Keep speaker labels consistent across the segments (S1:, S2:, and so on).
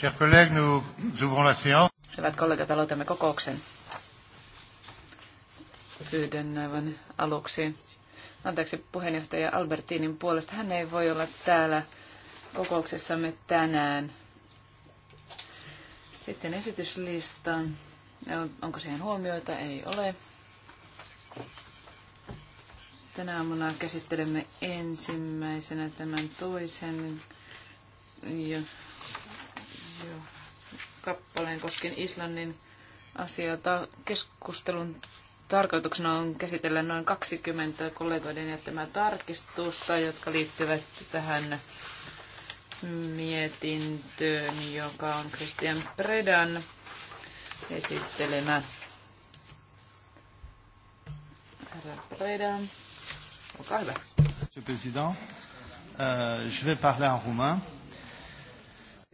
S1: Chers collègues, nous ouvrons la séance.
S2: Hyvät kollegat, aloitamme kokouksen. Pyydän aivan aluksi anteeksi puheenjohtaja Albertinin puolesta. Hän ei voi olla täällä kokouksessamme tänään. Sitten esityslista. Onko siihen huomioita? Ei ole. Tänä aamuna käsittelemme ensimmäisenä tämän toisen kappaleen koskien Islannin asioita. Keskustelun tarkoituksena on käsitellä noin 20 kollegoiden jättämää tarkistusta, jotka liittyvät tähän mietintöön, joka on Christian Predan
S1: esittelemä.
S2: Herra Predan,
S1: olkaa hyvä. Monsieur le Président, euh, je vais parler en roumain.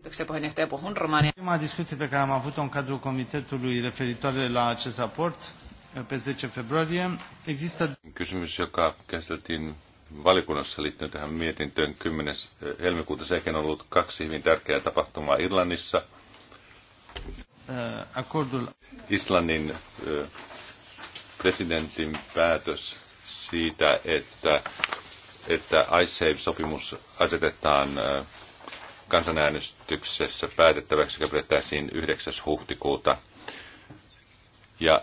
S1: Kiitoksia puheenjohtaja. Puhun Prima discuție pe care am avut-o în cadrul comitetului referitoare la acest raport eh, pe 10 februarie. Există... Kysymys, joka
S3: käsiteltiin valikunnassa liittyen tähän mietintöön 10. Eh, helmikuuta. Sekin on ollut kaksi hyvin tärkeää tapahtumaa Irlannissa.
S1: Eh, Akordul...
S3: Islannin presidentin päätös siitä, että, että ISAVE-sopimus asetetaan kansanäänestyksessä päätettäväksi, joka pidettäisiin 9. huhtikuuta. Ja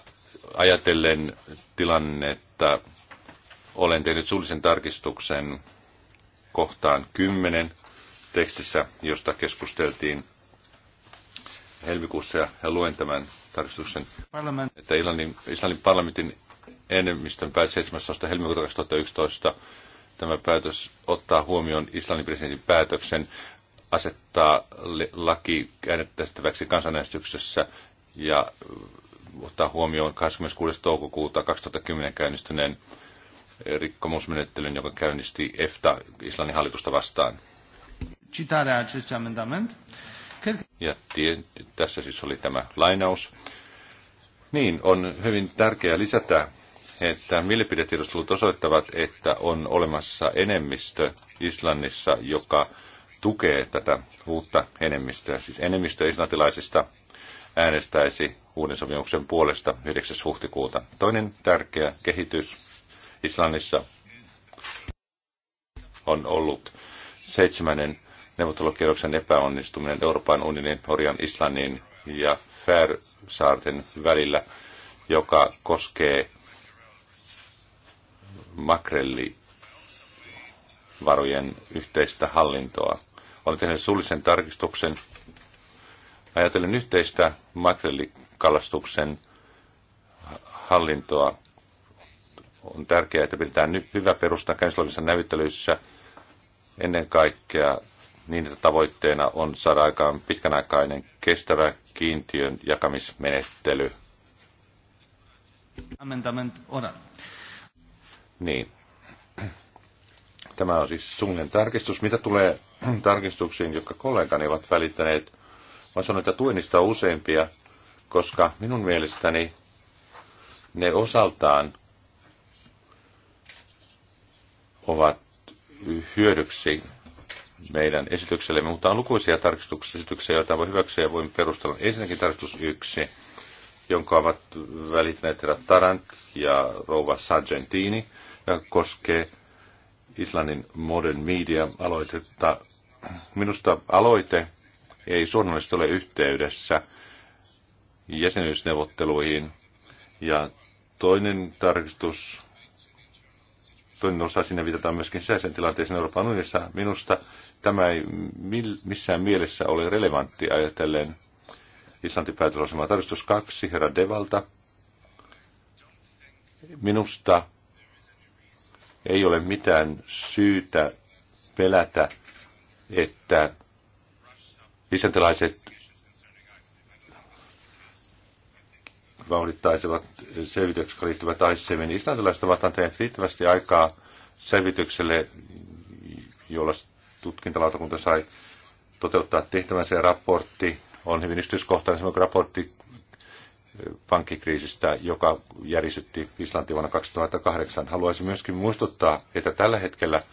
S3: ajatellen tilannetta, olen tehnyt suullisen tarkistuksen kohtaan 10 tekstissä, josta keskusteltiin helmikuussa ja luen tämän tarkistuksen, Parlament. että Islannin, Islannin parlamentin enemmistön päätös 17. helmikuuta 2011 tämä päätös ottaa huomioon Islannin presidentin päätöksen asettaa laki käännettäväksi kansanäänestyksessä ja ottaa huomioon 26. toukokuuta 2010 käynnistyneen rikkomusmenettelyn, joka käynnisti EFTA Islannin hallitusta vastaan. Ja tie, tässä siis oli tämä lainaus. Niin, on hyvin tärkeää lisätä, että mielipidetiedostelut osoittavat, että on olemassa enemmistö Islannissa, joka tukee tätä uutta enemmistöä, siis enemmistö islantilaisista äänestäisi uuden sopimuksen puolesta 9. huhtikuuta. Toinen tärkeä kehitys Islannissa on ollut seitsemännen neuvottelukierroksen epäonnistuminen Euroopan unionin, Norjan, Islannin ja Färsaarten välillä, joka koskee makrellivarojen yhteistä hallintoa. Olen tehnyt suullisen tarkistuksen. Ajatellen yhteistä makrellikalastuksen hallintoa on tärkeää, että pidetään nyt hyvä perusta käynnissä näyttelyissä ennen kaikkea niin, että tavoitteena on saada aikaan pitkänaikainen kestävä kiintiön jakamismenettely.
S1: Amendament oral.
S3: Niin. Tämä on siis Sungen tarkistus. Mitä tulee tarkistuksiin, jotka kollegani ovat välittäneet. Mä sanon, että tuenista on useampia, koska minun mielestäni ne osaltaan ovat hyödyksi meidän esityksellemme, mutta on lukuisia tarkistuksia, joita voi hyväksyä ja voimme perustella. Ensinnäkin tarkistus yksi, jonka ovat välittäneet herra Tarant ja rouva Sargentini, joka koskee Islannin Modern Media-aloitetta Minusta aloite ei suunnallisesti ole yhteydessä jäsenyysneuvotteluihin. Ja toinen tarkistus, toinen osa sinne viitataan myöskin sisäisen tilanteeseen Euroopan unionissa. Minusta tämä ei missään mielessä ole relevantti ajatellen Islantin päätösosemaa. Tarkistus kaksi, herra Devalta. Minusta ei ole mitään syytä pelätä että islantilaiset vauhdittaisivat selvityksiä jotka liittyvät ICEMin. Islantilaiset ovat antaneet riittävästi aikaa selvitykselle, jolla tutkintalautakunta sai toteuttaa tehtävänsä raportti on hyvin yksityiskohtainen raportti eh, pankkikriisistä, joka järisytti Islanti vuonna 2008. Haluaisin myöskin muistuttaa, että tällä hetkellä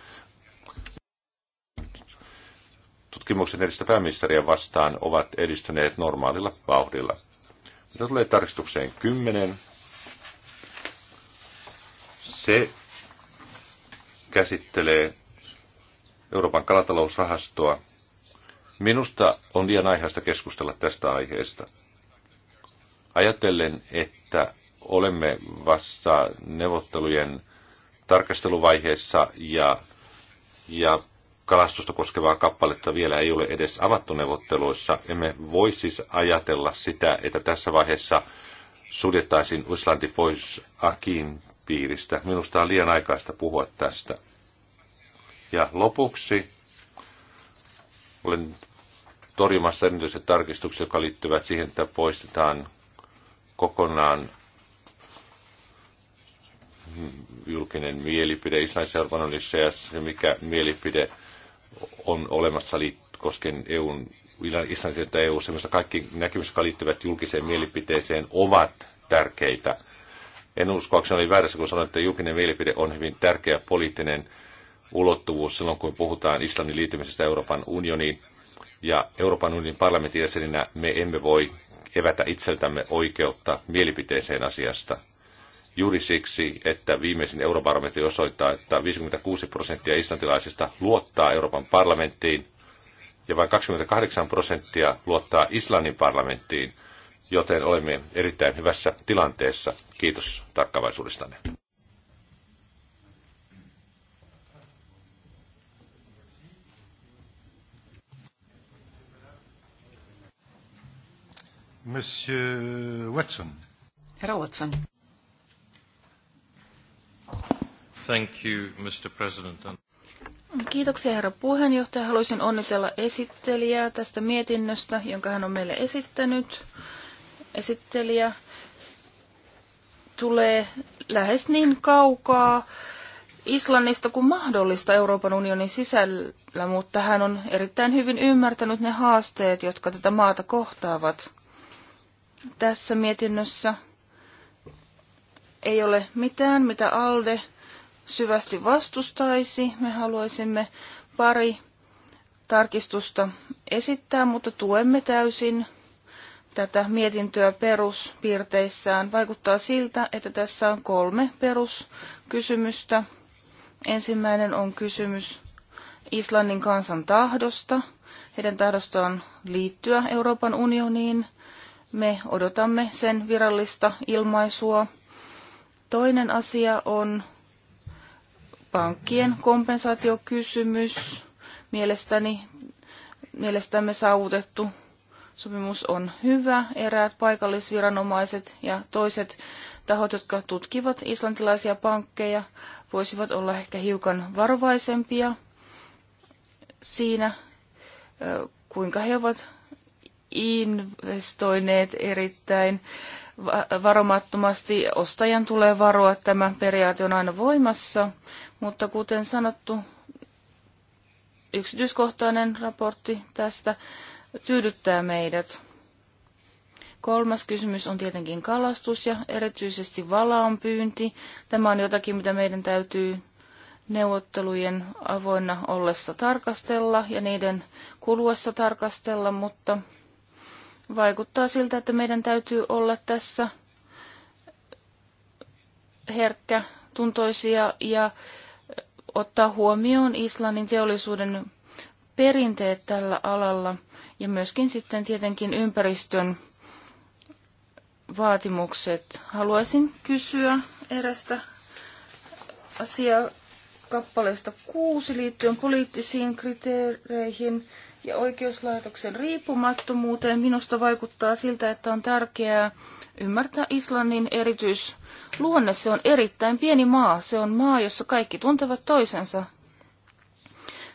S3: tutkimuksen edistä pääministeriä vastaan ovat edistyneet normaalilla vauhdilla. Mitä tulee tarkistukseen 10, se käsittelee Euroopan kalatalousrahastoa. Minusta on liian aiheesta keskustella tästä aiheesta. Ajatellen, että olemme vasta neuvottelujen tarkasteluvaiheessa ja, ja kalastusta koskevaa kappaletta vielä ei ole edes avattu neuvotteluissa. Emme voi siis ajatella sitä, että tässä vaiheessa suljettaisiin Islanti pois Akin piiristä. Minusta on liian aikaista puhua tästä. Ja lopuksi olen torjumassa erityiset tarkistukset, jotka liittyvät siihen, että poistetaan kokonaan julkinen mielipide Islannissa ja se mikä mielipide on olemassa koskien EUn Islannin EU, semmoista kaikki näkemykset, jotka liittyvät julkiseen mielipiteeseen, ovat tärkeitä. En se oli väärässä, kun sanoin, että julkinen mielipide on hyvin tärkeä poliittinen ulottuvuus silloin, kun puhutaan Islannin liittymisestä Euroopan unioniin. Ja Euroopan unionin parlamentin jäseninä me emme voi evätä itseltämme oikeutta mielipiteeseen asiasta juuri siksi, että viimeisin eurobarometri osoittaa, että 56 prosenttia islantilaisista luottaa Euroopan parlamenttiin ja vain 28 prosenttia luottaa Islannin parlamenttiin, joten olemme erittäin hyvässä tilanteessa. Kiitos tarkkavaisuudestanne.
S1: Monsieur Watson. Herra Watson. Thank you, Mr. President.
S4: Kiitoksia herra puheenjohtaja. Haluaisin onnitella esittelijää tästä mietinnöstä, jonka hän on meille esittänyt. Esittelijä tulee lähes niin kaukaa Islannista kuin mahdollista Euroopan unionin sisällä, mutta hän on erittäin hyvin ymmärtänyt ne haasteet, jotka tätä maata kohtaavat. Tässä mietinnössä ei ole mitään, mitä ALDE syvästi vastustaisi. Me haluaisimme pari tarkistusta esittää, mutta tuemme täysin tätä mietintöä peruspiirteissään. Vaikuttaa siltä, että tässä on kolme peruskysymystä. Ensimmäinen on kysymys Islannin kansan tahdosta, heidän tahdostaan liittyä Euroopan unioniin. Me odotamme sen virallista ilmaisua. Toinen asia on pankkien kompensaatiokysymys. Mielestäni, mielestämme saavutettu sopimus on hyvä. Eräät paikallisviranomaiset ja toiset tahot, jotka tutkivat islantilaisia pankkeja, voisivat olla ehkä hiukan varovaisempia siinä, kuinka he ovat investoineet erittäin varomattomasti. Ostajan tulee varoa, tämä periaate on aina voimassa, mutta kuten sanottu, yksityiskohtainen raportti tästä tyydyttää meidät. Kolmas kysymys on tietenkin kalastus ja erityisesti pyynti. Tämä on jotakin, mitä meidän täytyy neuvottelujen avoinna ollessa tarkastella ja niiden kuluessa tarkastella, mutta Vaikuttaa siltä, että meidän täytyy olla tässä herkkä tuntoisia ja ottaa huomioon Islannin teollisuuden perinteet tällä alalla ja myöskin sitten tietenkin ympäristön vaatimukset. Haluaisin kysyä erästä asiaa kuusi liittyen poliittisiin kriteereihin ja oikeuslaitoksen riippumattomuuteen. Minusta vaikuttaa siltä, että on tärkeää ymmärtää Islannin erityisluonne. Se on erittäin pieni maa. Se on maa, jossa kaikki tuntevat toisensa.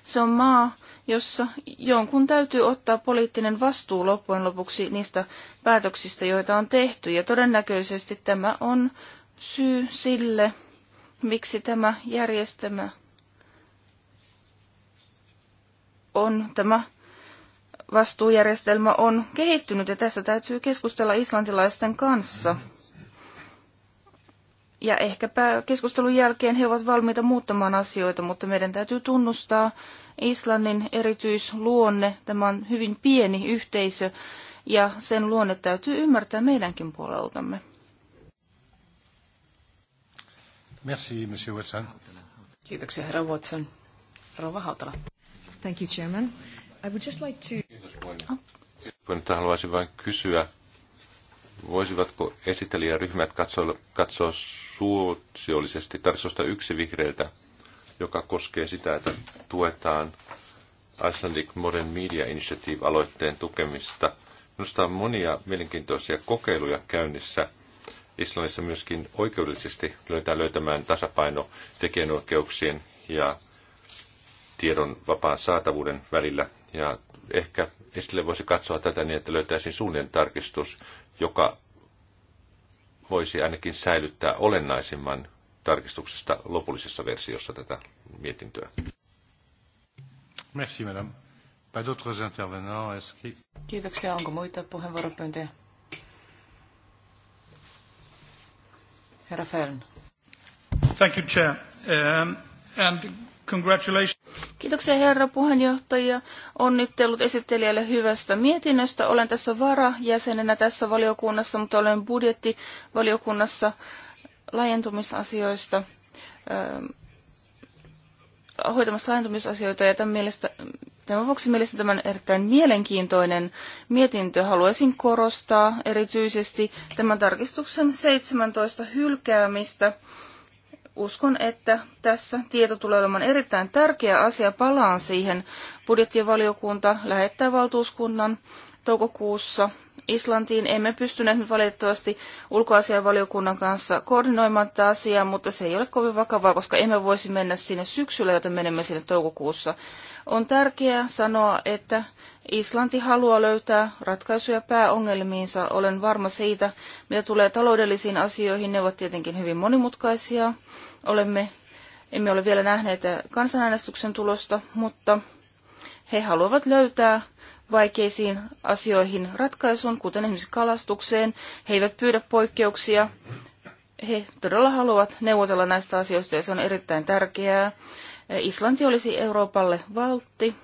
S4: Se on maa, jossa jonkun täytyy ottaa poliittinen vastuu loppujen lopuksi niistä päätöksistä, joita on tehty. Ja todennäköisesti tämä on syy sille, miksi tämä järjestelmä on tämä vastuujärjestelmä on kehittynyt ja tässä täytyy keskustella islantilaisten kanssa. Ja ehkäpä keskustelun jälkeen he ovat valmiita muuttamaan asioita, mutta meidän täytyy tunnustaa Islannin erityisluonne. Tämä on hyvin pieni yhteisö ja sen luonne täytyy ymmärtää meidänkin puoleltamme.
S1: Merci, Monsieur Watson.
S2: Kiitoksia, herra Watson. Rova Hautala. Thank you, Chairman. I would just like to
S3: että haluaisin vain kysyä, voisivatko esittelijäryhmät katsoa, katsoa suosiollisesti tarsosta yksi vihreiltä, joka koskee sitä, että tuetaan Icelandic Modern Media Initiative-aloitteen tukemista. Minusta on monia mielenkiintoisia kokeiluja käynnissä. Islannissa myöskin oikeudellisesti löytää löytämään tasapaino tekijänoikeuksien ja tiedon vapaan saatavuuden välillä. Ja ehkä esille voisi katsoa tätä niin, että löytäisiin suunnilleen tarkistus, joka voisi ainakin säilyttää olennaisimman tarkistuksesta lopullisessa versiossa
S1: tätä mietintöä. Merci, madame. Pas d'autres intervenants inscrits.
S2: Kiitoksia. Onko muita puheenvuoropyyntöjä? Herra Fern.
S1: Thank you, Chair. Um, and congratulations.
S4: Kiitoksia herra puheenjohtaja. Onnittelut esittelijälle hyvästä mietinnöstä. Olen tässä varajäsenenä tässä valiokunnassa, mutta olen budjettivaliokunnassa laajentumisasioista ähm, hoitamassa laajentumisasioita ja tämän, mielestä, tämän vuoksi mielestäni tämä on erittäin mielenkiintoinen mietintö. Haluaisin korostaa erityisesti tämän tarkistuksen 17 hylkäämistä uskon, että tässä tieto tulee olemaan erittäin tärkeä asia. Palaan siihen. Budjettivaliokunta lähettää valtuuskunnan toukokuussa Islantiin. Emme pystyneet nyt valitettavasti ulkoasianvaliokunnan kanssa koordinoimaan tätä asiaa, mutta se ei ole kovin vakavaa, koska emme voisi mennä sinne syksyllä, joten menemme sinne toukokuussa. On tärkeää sanoa, että Islanti haluaa löytää ratkaisuja pääongelmiinsa. Olen varma siitä, mitä tulee taloudellisiin asioihin. Ne ovat tietenkin hyvin monimutkaisia. Olemme, emme ole vielä nähneet kansanäänestyksen tulosta, mutta he haluavat löytää vaikeisiin asioihin ratkaisun, kuten esimerkiksi kalastukseen. He eivät pyydä poikkeuksia. He todella haluavat neuvotella näistä asioista ja se on erittäin tärkeää. Islanti olisi Euroopalle valtti,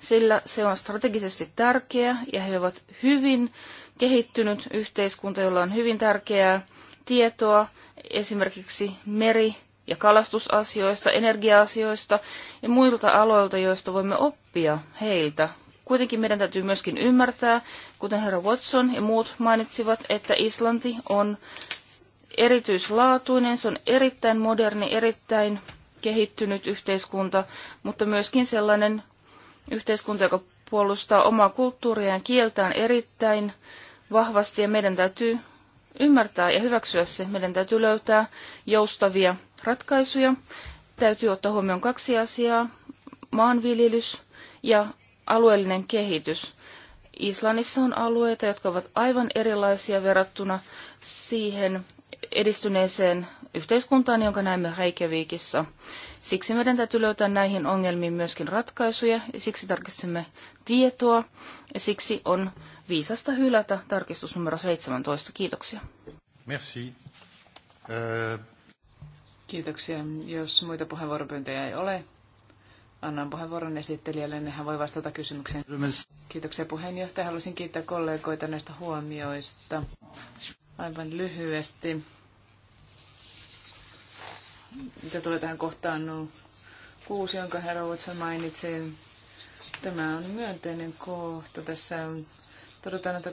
S4: sillä se on strategisesti tärkeä ja he ovat hyvin kehittynyt yhteiskunta, jolla on hyvin tärkeää tietoa esimerkiksi meri- ja kalastusasioista, energiaasioista ja muilta aloilta, joista voimme oppia heiltä. Kuitenkin meidän täytyy myöskin ymmärtää, kuten herra Watson ja muut mainitsivat, että Islanti on erityislaatuinen, se on erittäin moderni, erittäin kehittynyt yhteiskunta, mutta myöskin sellainen yhteiskunta, joka puolustaa omaa kulttuuriaan ja kieltään erittäin vahvasti ja meidän täytyy ymmärtää ja hyväksyä se. Meidän täytyy löytää joustavia ratkaisuja. Täytyy ottaa huomioon kaksi asiaa, maanviljelys ja alueellinen kehitys. Islannissa on alueita, jotka ovat aivan erilaisia verrattuna siihen edistyneeseen yhteiskuntaan, jonka näemme Reykjavikissa. Siksi meidän täytyy löytää näihin ongelmiin myöskin ratkaisuja, ja siksi tarvitsemme tietoa, ja siksi on viisasta hylätä tarkistus numero 17. Kiitoksia.
S1: Merci.
S2: Kiitoksia. Jos muita puheenvuoropyyntöjä ei ole, Annan puheenvuoron esittelijälle, niin hän voi vastata kysymykseen. Kiitoksia puheenjohtaja. Haluaisin kiittää kollegoita näistä huomioista. Aivan lyhyesti. Mitä tulee tähän kohtaan no, kuusi, jonka herra Watson mainitsi, tämä on myönteinen kohta. Tässä todetaan, että,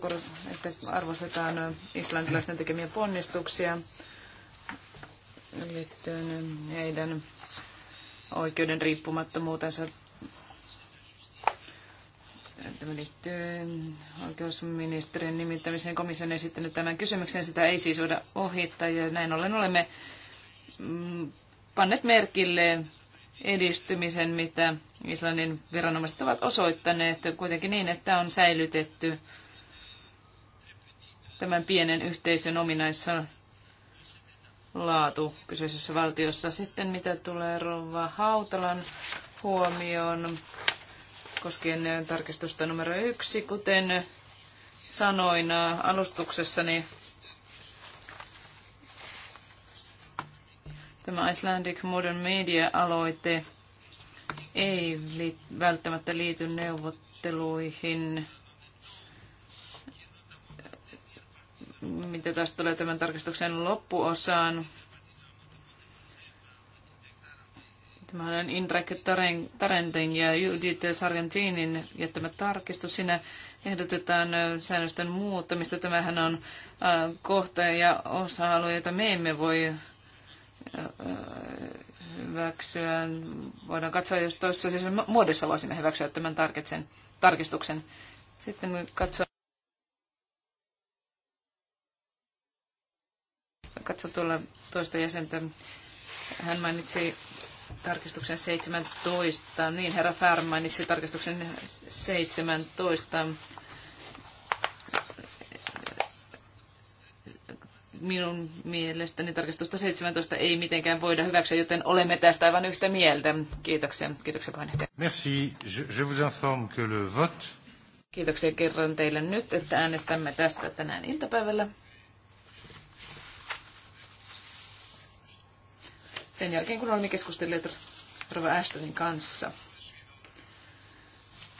S2: että arvostetaan islantilaisten tekemiä ponnistuksia liittyen heidän oikeuden riippumattomuutensa. Tämä liittyy oikeusministerin nimittämiseen. Komission esittänyt tämän kysymyksen. Sitä ei siis voida ohittaa ja näin ollen olemme mm, panneet merkille edistymisen, mitä Islannin viranomaiset ovat osoittaneet, kuitenkin niin, että on säilytetty tämän pienen yhteisön ominaissa laatu kyseisessä valtiossa. Sitten mitä tulee Rova Hautalan huomioon koskien tarkistusta numero yksi, kuten sanoin alustuksessani, tämä Icelandic Modern Media-aloite ei välttämättä liity neuvotteluihin mitä taas tulee tämän tarkistuksen loppuosaan. Tämä on Indrek Tarentin ja Judith Sargentinin jättämä tarkistus. Siinä ehdotetaan säännösten muuttamista. Tämähän on kohta ja osa-alue, jota me emme voi hyväksyä. Voidaan katsoa, jos toisessa siis muodossa voisimme hyväksyä tämän tarkistuksen. Sitten katsoa katso tuolla toista jäsentä. Hän mainitsi tarkistuksen 17. Niin, herra Fär mainitsi tarkistuksen 17. Minun mielestäni tarkistusta 17 ei mitenkään voida hyväksyä, joten olemme tästä aivan yhtä mieltä. Kiitoksia. Kiitoksia puheenjohtaja.
S1: Merci. Je, je vous informe que le vote...
S2: Kiitoksia kerran teille nyt, että äänestämme tästä tänään iltapäivällä. sen jälkeen, kun olemme keskustelleet Rova Ashtonin kanssa.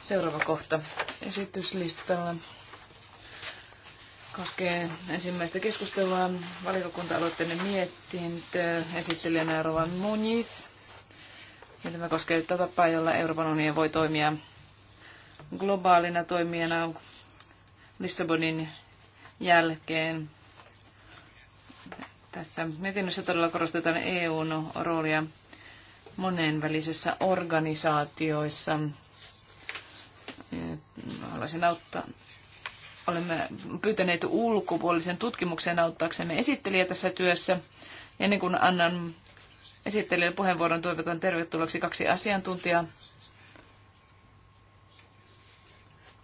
S2: Seuraava kohta esityslistalla koskee ensimmäistä keskustelua valiokunta-aloitteinen miettintö esittelijänä Rova Muniz. Ja tämä koskee tapaa, jolla Euroopan unioni voi toimia globaalina toimijana Lissabonin jälkeen tässä mietinnössä todella korostetaan EUn roolia monenvälisessä organisaatioissa. Haluaisin auttaa. Olemme pyytäneet ulkopuolisen tutkimuksen auttaaksemme esittelijä tässä työssä. Ja niin kuin annan esittelijälle puheenvuoron, toivotan tervetulleeksi kaksi asiantuntijaa,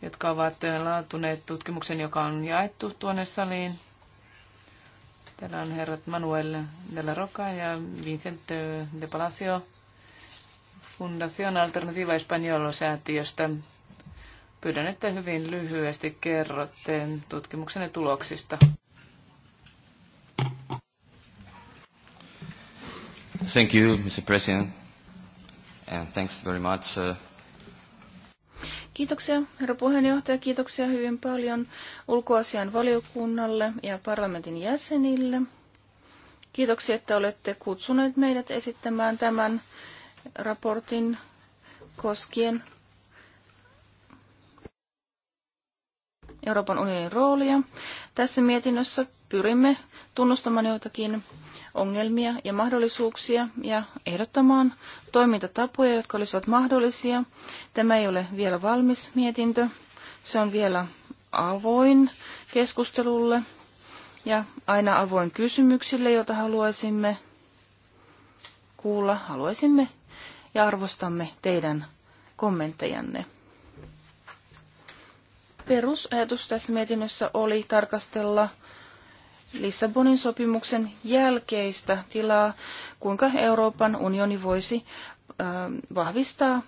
S2: jotka ovat laatuneet tutkimuksen, joka on jaettu tuonne saliin. Täällä on herrat Manuel de la Roca ja Vicente de Palacio Fundación Alternativa Español-säätiöstä. Pyydän, että hyvin lyhyesti kerrotte tutkimuksenne tuloksista. Thank you, Mr. President, and thanks very much uh,
S4: Kiitoksia, herra puheenjohtaja. Kiitoksia hyvin paljon ulkoasian valiokunnalle ja parlamentin jäsenille. Kiitoksia, että olette kutsuneet meidät esittämään tämän raportin koskien Euroopan unionin roolia. Tässä mietinnössä pyrimme tunnustamaan joitakin ongelmia ja mahdollisuuksia ja ehdottamaan toimintatapoja, jotka olisivat mahdollisia. Tämä ei ole vielä valmis mietintö. Se on vielä avoin keskustelulle ja aina avoin kysymyksille, joita haluaisimme kuulla. Haluaisimme ja arvostamme teidän kommenttejanne. Perusajatus tässä mietinnössä oli tarkastella – Lissabonin sopimuksen jälkeistä tilaa, kuinka Euroopan unioni voisi vahvistaa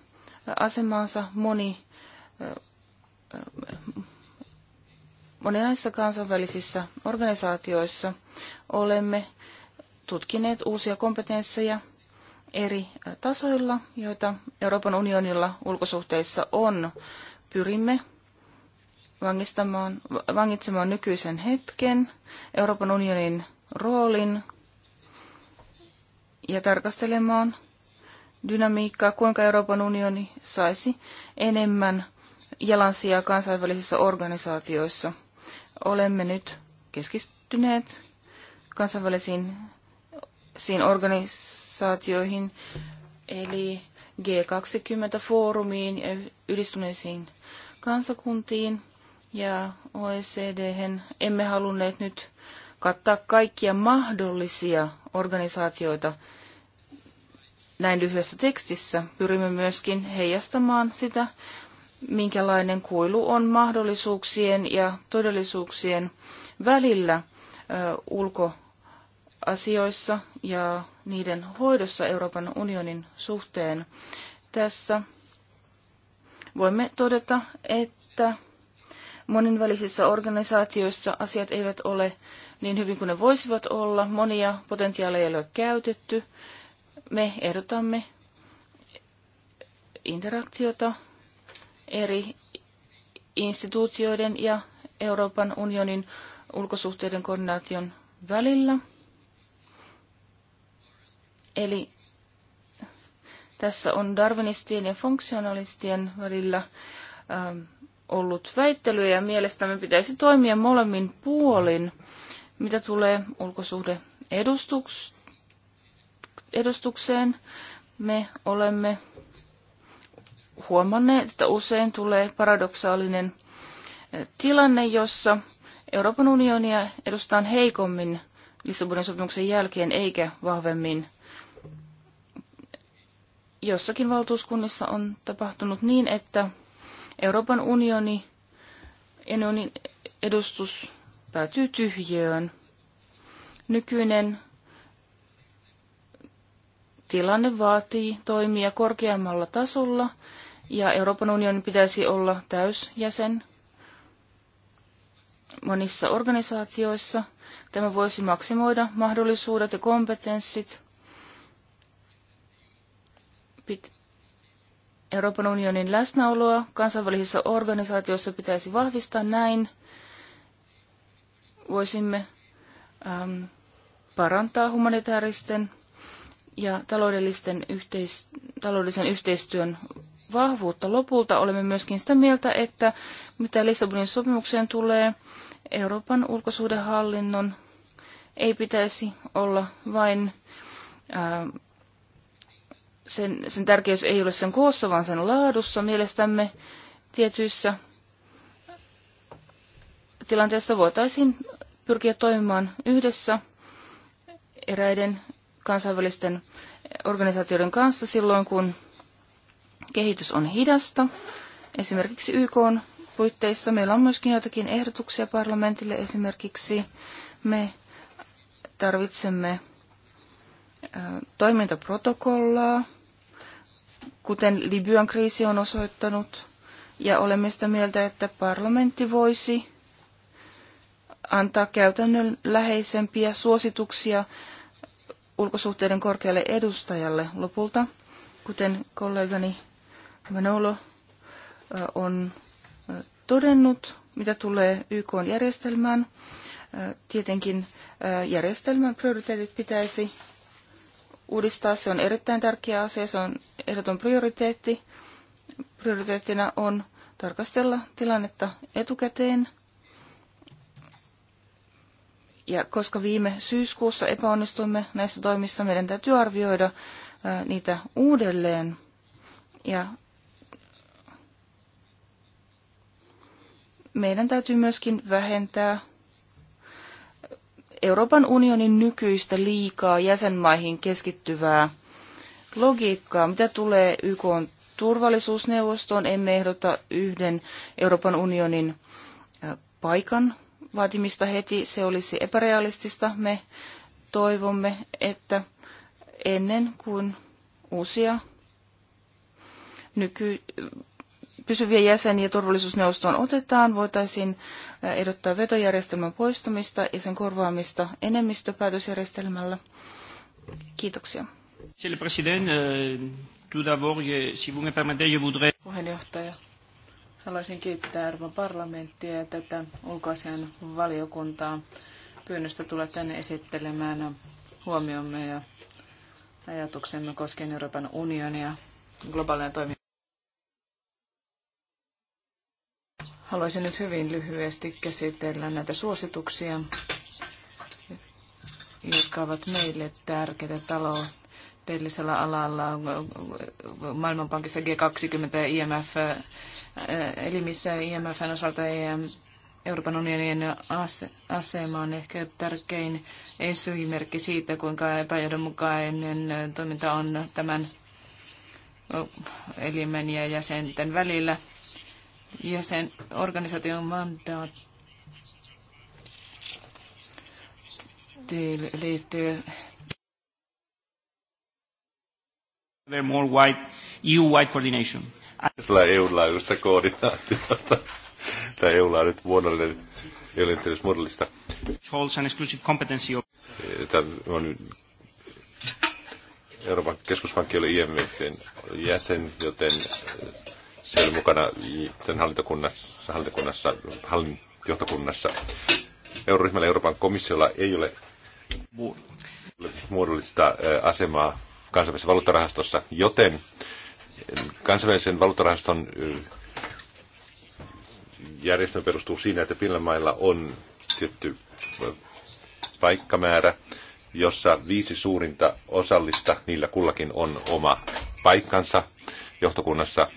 S4: asemansa moni, monenlaisissa kansainvälisissä organisaatioissa. Olemme tutkineet uusia kompetensseja eri tasoilla, joita Euroopan unionilla ulkosuhteissa on. Pyrimme vangitsemaan nykyisen hetken, Euroopan unionin roolin ja tarkastelemaan dynamiikkaa, kuinka Euroopan unioni saisi enemmän jalansijaa kansainvälisissä organisaatioissa. Olemme nyt keskittyneet kansainvälisiin siin organisaatioihin, eli G20-foorumiin ja yhdistyneisiin kansakuntiin ja oecd emme halunneet nyt kattaa kaikkia mahdollisia organisaatioita näin lyhyessä tekstissä. Pyrimme myöskin heijastamaan sitä, minkälainen kuilu on mahdollisuuksien ja todellisuuksien välillä ulkoasioissa ja niiden hoidossa Euroopan unionin suhteen. Tässä voimme todeta, että Monenvälisissä organisaatioissa asiat eivät ole niin hyvin kuin ne voisivat olla. Monia potentiaaleja ei ole käytetty. Me ehdotamme interaktiota eri instituutioiden ja Euroopan unionin ulkosuhteiden koordinaation välillä. Eli tässä on darwinistien ja funktionalistien välillä ähm, ollut väittelyä ja mielestämme pitäisi toimia molemmin puolin, mitä tulee ulkosuhde edustukseen. Me olemme huomanneet, että usein tulee paradoksaalinen eh, tilanne, jossa Euroopan unionia edustaan heikommin Lissabonin sopimuksen jälkeen eikä vahvemmin. Jossakin valtuuskunnissa on tapahtunut niin, että Euroopan unioni, unionin edustus päätyy tyhjöön. Nykyinen tilanne vaatii toimia korkeammalla tasolla ja Euroopan unionin pitäisi olla täysjäsen monissa organisaatioissa. Tämä voisi maksimoida mahdollisuudet ja kompetenssit pit- Euroopan unionin läsnäoloa kansainvälisissä organisaatioissa pitäisi vahvistaa näin. Voisimme ähm, parantaa humanitaaristen ja taloudellisten yhteis- taloudellisen yhteistyön vahvuutta. Lopulta olemme myöskin sitä mieltä, että mitä Lissabonin sopimukseen tulee, Euroopan ulkosuhdehallinnon ei pitäisi olla vain äh, sen, sen tärkeys ei ole sen koossa, vaan sen laadussa. Mielestämme tietyissä tilanteissa voitaisiin pyrkiä toimimaan yhdessä eräiden kansainvälisten organisaatioiden kanssa silloin, kun kehitys on hidasta. Esimerkiksi YK on puitteissa meillä on myöskin joitakin ehdotuksia parlamentille. Esimerkiksi me tarvitsemme toimintaprotokollaa, kuten Libyan kriisi on osoittanut, ja olemme sitä mieltä, että parlamentti voisi antaa käytännön läheisempiä suosituksia ulkosuhteiden korkealle edustajalle lopulta, kuten kollegani Manolo on todennut, mitä tulee YK-järjestelmään. Tietenkin järjestelmän prioriteetit pitäisi uudistaa. Se on erittäin tärkeä asia, se on ehdoton prioriteetti. Prioriteettina on tarkastella tilannetta etukäteen. Ja koska viime syyskuussa epäonnistuimme näissä toimissa, meidän täytyy arvioida niitä uudelleen. Ja meidän täytyy myöskin vähentää Euroopan unionin nykyistä liikaa jäsenmaihin keskittyvää logiikkaa. Mitä tulee YK turvallisuusneuvostoon, emme ehdota yhden Euroopan unionin paikan vaatimista heti. Se olisi epärealistista. Me toivomme, että ennen kuin uusia nyky- pysyviä jäseniä turvallisuusneuvostoon otetaan, voitaisiin ehdottaa vetojärjestelmän poistumista ja sen korvaamista enemmistöpäätösjärjestelmällä. Kiitoksia.
S2: Monsieur le Président, euh,
S3: tout d'abord, si vous me permettez, je voudrais...
S2: Puheenjohtaja, haluaisin kiittää Euroopan parlamenttia ja tätä ulkoasian valiokuntaa pyynnöstä tulla tänne esittelemään huomiomme ja ajatuksemme koskien Euroopan unionia globaaleja toimintaa. Haluaisin nyt hyvin lyhyesti käsitellä näitä suosituksia, jotka ovat meille tärkeitä taloudellisella alalla Maailmanpankissa G20 ja IMF, elimissä IMFn osalta ei Euroopan unionin asema on ehkä tärkein esimerkki siitä, kuinka epäjohdonmukainen toiminta on tämän elimen ja jäsenten välillä – ja sen organisaation mandaatti liittyy more
S3: wide, EU-wide coordination. Tällä EU-laajuista koordinaatiota. Tämä EU on nyt muodollinen, ei ole edes Holds an exclusive competency of... Tämä on Euroopan keskuspankki oli IMFn jäsen, joten se oli mukana sen hallintokunnassa, hallintokunnassa hallin, Euroryhmällä Euroopan komissiolla ei ole muodollista asemaa kansainvälisessä valuuttarahastossa, joten kansainvälisen valuuttarahaston järjestelmä perustuu siinä, että Finlandmailla on tietty paikkamäärä, jossa viisi suurinta osallista, niillä kullakin on oma paikkansa johtokunnassa.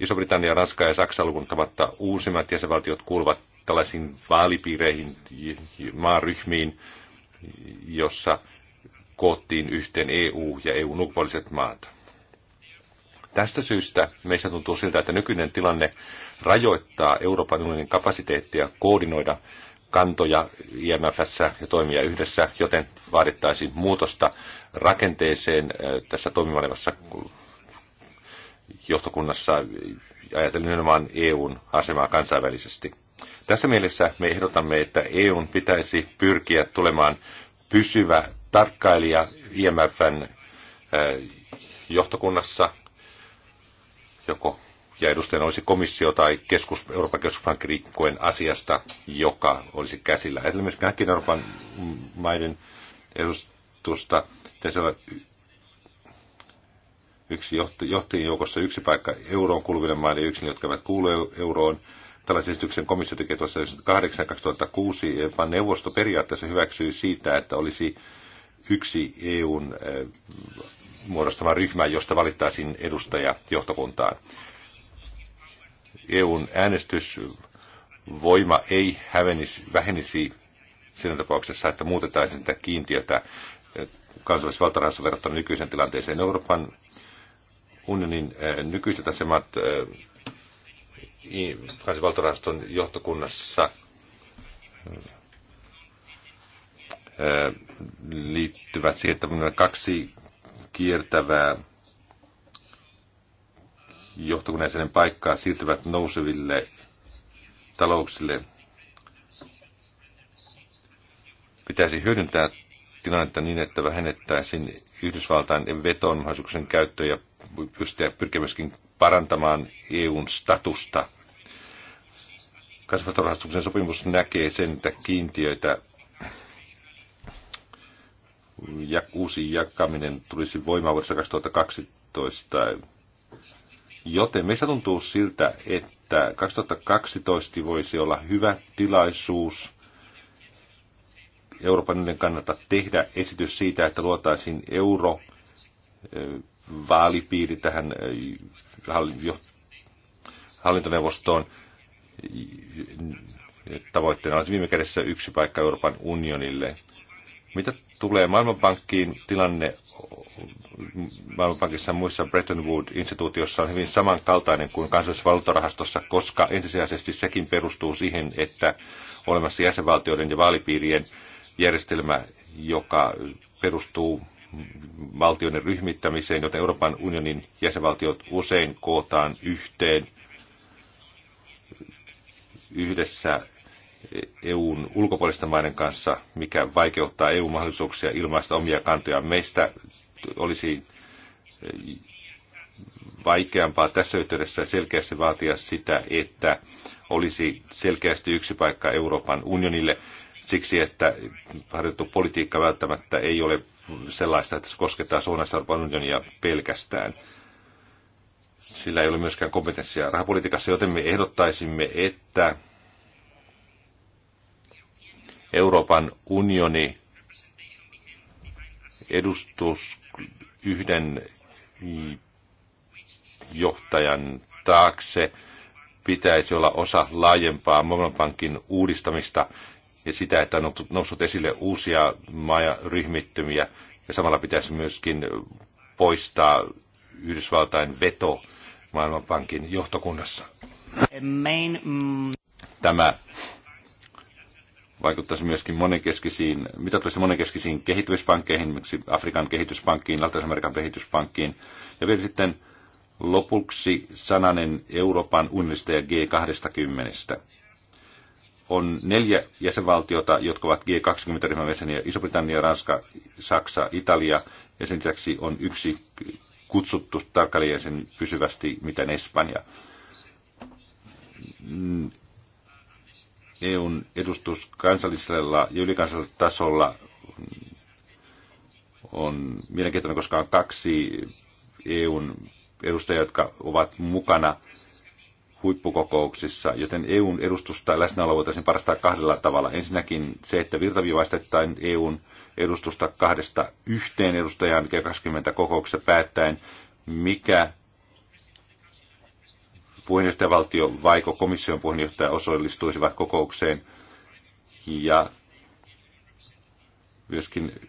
S3: Iso-Britannia, Ranska ja Saksa lukuntamatta uusimmat jäsenvaltiot kuuluvat tällaisiin vaalipiireihin, maaryhmiin, jossa koottiin yhteen EU ja EUn ulkopuoliset maat. Tästä syystä meistä tuntuu siltä, että nykyinen tilanne rajoittaa Euroopan unionin kapasiteettia koordinoida kantoja IMFssä ja toimia yhdessä, joten vaadittaisiin muutosta rakenteeseen äh, tässä toimivalevassa johtokunnassa ajatellen nimenomaan EUn asemaa kansainvälisesti. Tässä mielessä me ehdotamme, että EUn pitäisi pyrkiä tulemaan pysyvä tarkkailija IMFn äh, johtokunnassa, joko ja edustajana olisi komissio tai keskus, Euroopan keskuspankki riippuen asiasta, joka olisi käsillä. Esimerkiksi kaikkien Euroopan maiden edustusta pitäisi olla yksi johtajien joukossa yksi paikka euroon kuuluville maille ja yksi, ne, jotka eivät kuulu euroon. Tällaisen esityksen komissio teki tuossa 2008-2006, vaan neuvosto periaatteessa hyväksyi siitä, että olisi yksi EUn eh, muodostama ryhmä, josta valittaisiin edustaja johtokuntaan. EUn äänestysvoima ei hävenisi, vähenisi siinä tapauksessa, että muutetaan sitä kiintiötä eh, kansallisvaltarahansa verrattuna nykyisen tilanteeseen. Euroopan unionin äh, nykyiset asemat kansanvaltoraston äh, johtokunnassa äh, liittyvät siihen, että on kaksi kiertävää johtokunnan paikkaa siirtyvät nouseville talouksille. Pitäisi hyödyntää tilannetta niin, että vähennettäisiin Yhdysvaltain veton mahdollisuuksien käyttöä ja pystyä pyrkiä myöskin parantamaan EUn statusta. Kasvatorahastuksen sopimus näkee sen, että kiintiöitä ja uusi jakaminen tulisi voimaan vuodessa 2012. Joten meistä tuntuu siltä, että 2012 voisi olla hyvä tilaisuus Euroopan unionin kannalta tehdä esitys siitä, että luotaisiin euro vaalipiiri tähän hallintoneuvostoon. Tavoitteena on viime kädessä yksi paikka Euroopan unionille. Mitä tulee Maailmanpankkiin, tilanne Maailmanpankissa ja muissa Bretton Woods-instituutiossa on hyvin samankaltainen kuin kansallisessa valuuttarahastossa, koska ensisijaisesti sekin perustuu siihen, että olemassa jäsenvaltioiden ja vaalipiirien järjestelmä, joka perustuu valtioiden ryhmittämiseen, joten Euroopan unionin jäsenvaltiot usein kootaan yhteen yhdessä EUn ulkopuolisten maiden kanssa, mikä vaikeuttaa EU-mahdollisuuksia ilmaista omia kantoja. Meistä olisi vaikeampaa tässä yhteydessä selkeästi vaatia sitä, että olisi selkeästi yksi paikka Euroopan unionille siksi, että harjoitettu politiikka välttämättä ei ole sellaista, että se koskettaa suunnasta unionia pelkästään. Sillä ei ole myöskään kompetenssia rahapolitiikassa, joten me ehdottaisimme, että Euroopan unioni edustus yhden johtajan taakse pitäisi olla osa laajempaa Maailmanpankin uudistamista, ja sitä, että on noussut esille uusia ryhmittymiä ja samalla pitäisi myöskin poistaa Yhdysvaltain veto Maailmanpankin johtokunnassa.
S4: Main, mm.
S3: Tämä vaikuttaisi myöskin monenkeskisiin, mitä tulisi monenkeskisiin kehityspankkeihin, esimerkiksi Afrikan kehityspankkiin, Latinalaisen kehityspankkiin. Ja vielä sitten lopuksi sananen Euroopan unionista ja G20 on neljä jäsenvaltiota, jotka ovat G20-ryhmän jäseniä, Iso-Britannia, Ranska, Saksa, Italia, ja sen lisäksi on yksi kutsuttu tarkkailijäsen pysyvästi, miten Espanja. EUn edustus kansallisella ja ylikansallisella tasolla on mielenkiintoinen, koska on kaksi EUn edustajia, jotka ovat mukana huippukokouksissa, joten EUn edustusta läsnäolo voitaisiin parastaa kahdella tavalla. Ensinnäkin se, että virtaviivaistettaen EUn edustusta kahdesta yhteen edustajaan G20 kokouksessa päättäen, mikä puheenjohtajavaltio vaiko komission puheenjohtaja osallistuisivat kokoukseen ja myöskin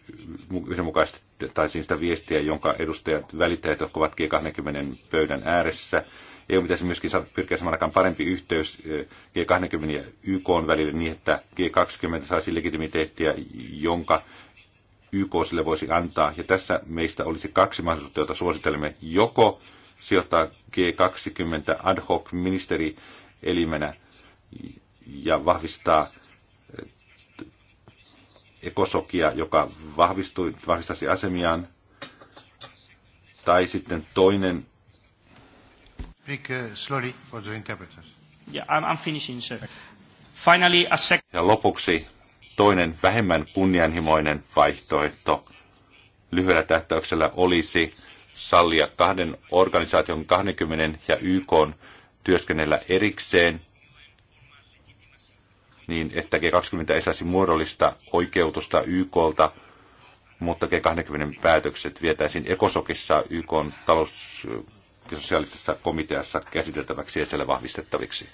S3: yhdenmukaistettaisiin sitä viestiä, jonka edustajat välittäjät, jotka ovat G20 pöydän ääressä, EU pitäisi myöskin pyrkiä samalla aikaan parempi yhteys eh, G20 ja YK välille niin, että G20 saisi legitimiteettiä, jonka YK sille voisi antaa. Ja tässä meistä olisi kaksi mahdollisuutta, joita suosittelemme. Joko sijoittaa G20 ad hoc ministerielimenä ja vahvistaa eh, ekosokia, joka vahvistui, vahvistaisi asemiaan. Tai sitten toinen
S1: Speak uh, slowly for the interpreters. Yeah, I'm, I'm finishing,
S3: sir. Finally, a sec- ja lopuksi toinen vähemmän kunnianhimoinen vaihtoehto lyhyellä tähtäyksellä olisi sallia kahden organisaation 20 ja YK työskennellä erikseen niin, että G20 ei saisi muodollista oikeutusta YKlta, mutta G20 päätökset vietäisiin ekosokissa YK talous- sosiaalisessa komiteassa käsiteltäväksi ja siellä vahvistettaviksi.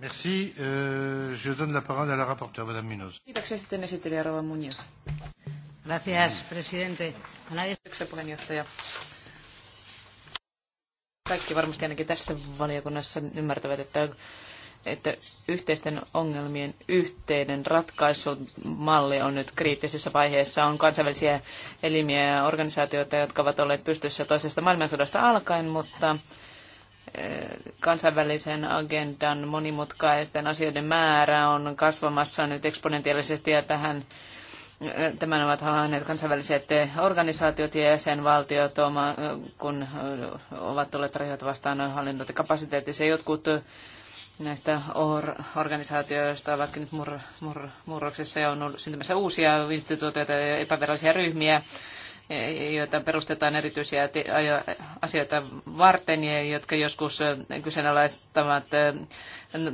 S1: Merci. Euh, je donne la parole à la rapporteure, Madame Munoz.
S2: Kiitoksia sitten esittelijä Rova Munoz. Gracias, presidente. Kiitoksia puheenjohtaja. Kaikki varmasti ainakin tässä valiokunnassa ymmärtävät, että että yhteisten ongelmien yhteinen ratkaisumalli on nyt kriittisessä vaiheessa. On kansainvälisiä elimiä ja organisaatioita, jotka ovat olleet pystyssä toisesta maailmansodasta alkaen, mutta eh, kansainvälisen agendan monimutkaisten asioiden määrä on kasvamassa nyt eksponentiaalisesti ja tähän eh, Tämän ovat havainneet kansainväliset eh, organisaatiot ja jäsenvaltiot, kun ovat tulleet rajoita vastaan hallintointikapasiteetissa. Jotkut näistä or- organisaatioista, vaikka nyt mur- mur- murroksessa ja on ollut syntymässä uusia instituutioita ja epävirallisia ryhmiä, e, joita perustetaan erityisiä asioita varten ja jotka joskus e, kyseenalaistavat e,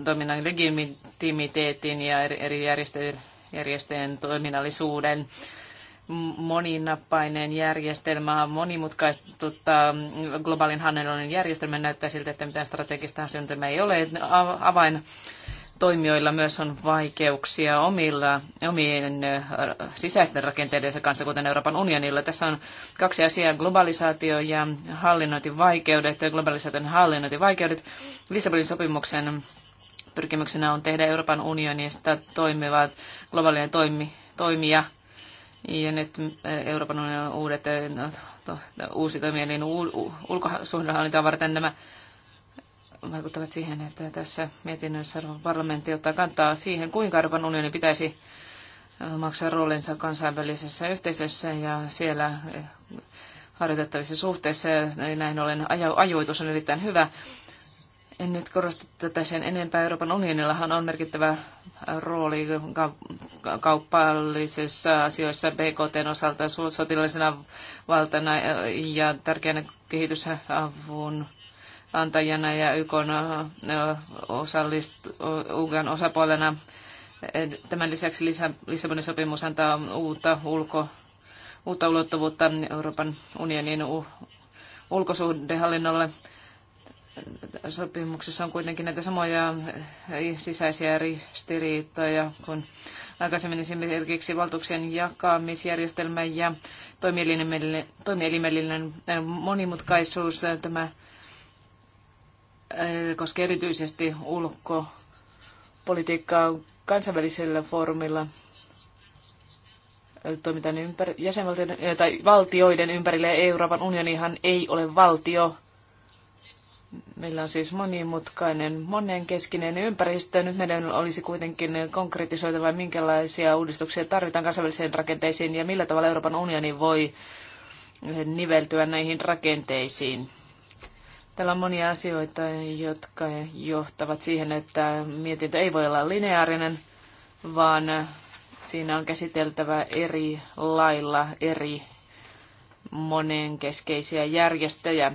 S2: toiminnan legitimiteetin ja eri järjestöjen toiminnallisuuden moninappainen järjestelmä monimutkaistuttaa globaalin hanneloinen järjestelmä. Näyttää siltä, että mitään strategista suunnitelmaa ei ole. Avain toimijoilla myös on vaikeuksia omilla, omien sisäisten rakenteidensa kanssa, kuten Euroopan unionilla. Tässä on kaksi asiaa, globalisaatio ja hallinnointivaikeudet, ja globalisaation hallinnointivaikeudet. Lissabonin sopimuksen pyrkimyksenä on tehdä Euroopan unionista toimivat globaalien toimi, toimija – ja nyt mm, Euroopan unionin uudet, eh, no, to, uusi niin ulkosuhdehallintaa varten nämä vaikuttavat siihen, että tässä mietinnössä parlamentti ottaa kantaa siihen, kuinka Euroopan unioni pitäisi eh, maksaa roolinsa kansainvälisessä yhteisössä ja siellä eh, harjoitettavissa suhteissa. Ja näin ollen ajoitus on erittäin hyvä. En nyt korosta tätä sen enempää. Euroopan unionillahan on merkittävä rooli kauppallisissa asioissa BKTn osalta sotilaisena valtana ja tärkeänä kehitysavun antajana ja YK osallistu, Ugan osapuolena. Tämän lisäksi Lissabonin sopimus antaa uutta, ulko, uutta ulottuvuutta Euroopan unionin ulkosuhdehallinnolle sopimuksessa on kuitenkin näitä samoja eh, sisäisiä ristiriitoja kuin aikaisemmin esimerkiksi valtuuksien jakamisjärjestelmä ja toimielimellinen eh, monimutkaisuus. Eh, tämä koskee erityisesti ulkopolitiikkaa kansainvälisellä foorumilla toimitaan ympär- jäsenvaltioiden tai valtioiden ympärille. Euroopan unionihan ei ole valtio, Meillä on siis monimutkainen, monenkeskinen ympäristö. Nyt meidän olisi kuitenkin konkretisoitava, minkälaisia uudistuksia tarvitaan kansainvälisiin rakenteisiin ja millä tavalla Euroopan unioni voi niveltyä näihin rakenteisiin. Täällä on monia asioita, jotka johtavat siihen, että mietintö ei voi olla lineaarinen, vaan siinä on käsiteltävä eri lailla eri monenkeskeisiä järjestöjä.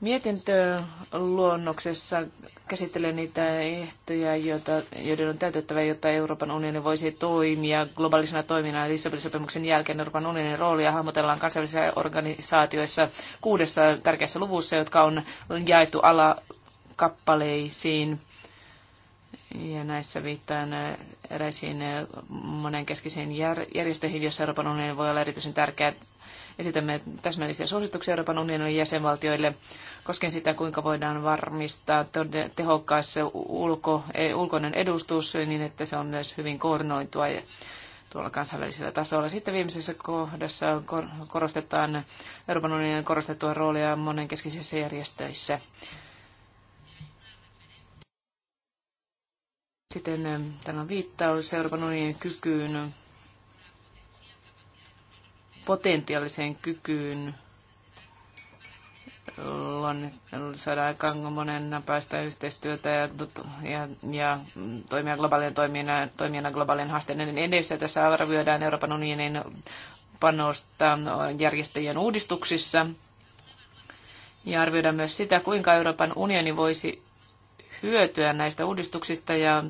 S2: Mietintöluonnoksessa käsittelee niitä ehtoja, joita, joiden on täytettävä, jotta Euroopan unioni voisi toimia globaalisena toimina Lissabonin sopimuksen jälkeen. Euroopan unionin roolia hahmotellaan kansainvälisissä organisaatioissa kuudessa tärkeässä luvussa, jotka on jaettu alakappaleisiin. Ja näissä viittaan eräisiin monenkeskisiin järjestöihin, joissa Euroopan unioni voi olla erityisen tärkeä Esitämme täsmällisiä suosituksia Euroopan unionin jäsenvaltioille koskien sitä, kuinka voidaan varmistaa tehokkaas ulko, e, ulkoinen edustus niin, että se on myös hyvin koordinoitua ja tuolla kansainvälisellä tasolla. Sitten viimeisessä kohdassa korostetaan Euroopan unionin korostettua roolia monenkeskisissä järjestöissä. Sitten täällä on viittaus Euroopan unionin kykyyn potentiaaliseen kykyyn saada aikaan monen päästä yhteistyötä ja, ja, ja toimia globaalien toimijana, toimijana globaalien haasteiden edessä. Tässä arvioidaan Euroopan unionin panosta järjestäjien uudistuksissa ja arvioidaan myös sitä, kuinka Euroopan unioni voisi hyötyä näistä uudistuksista ja,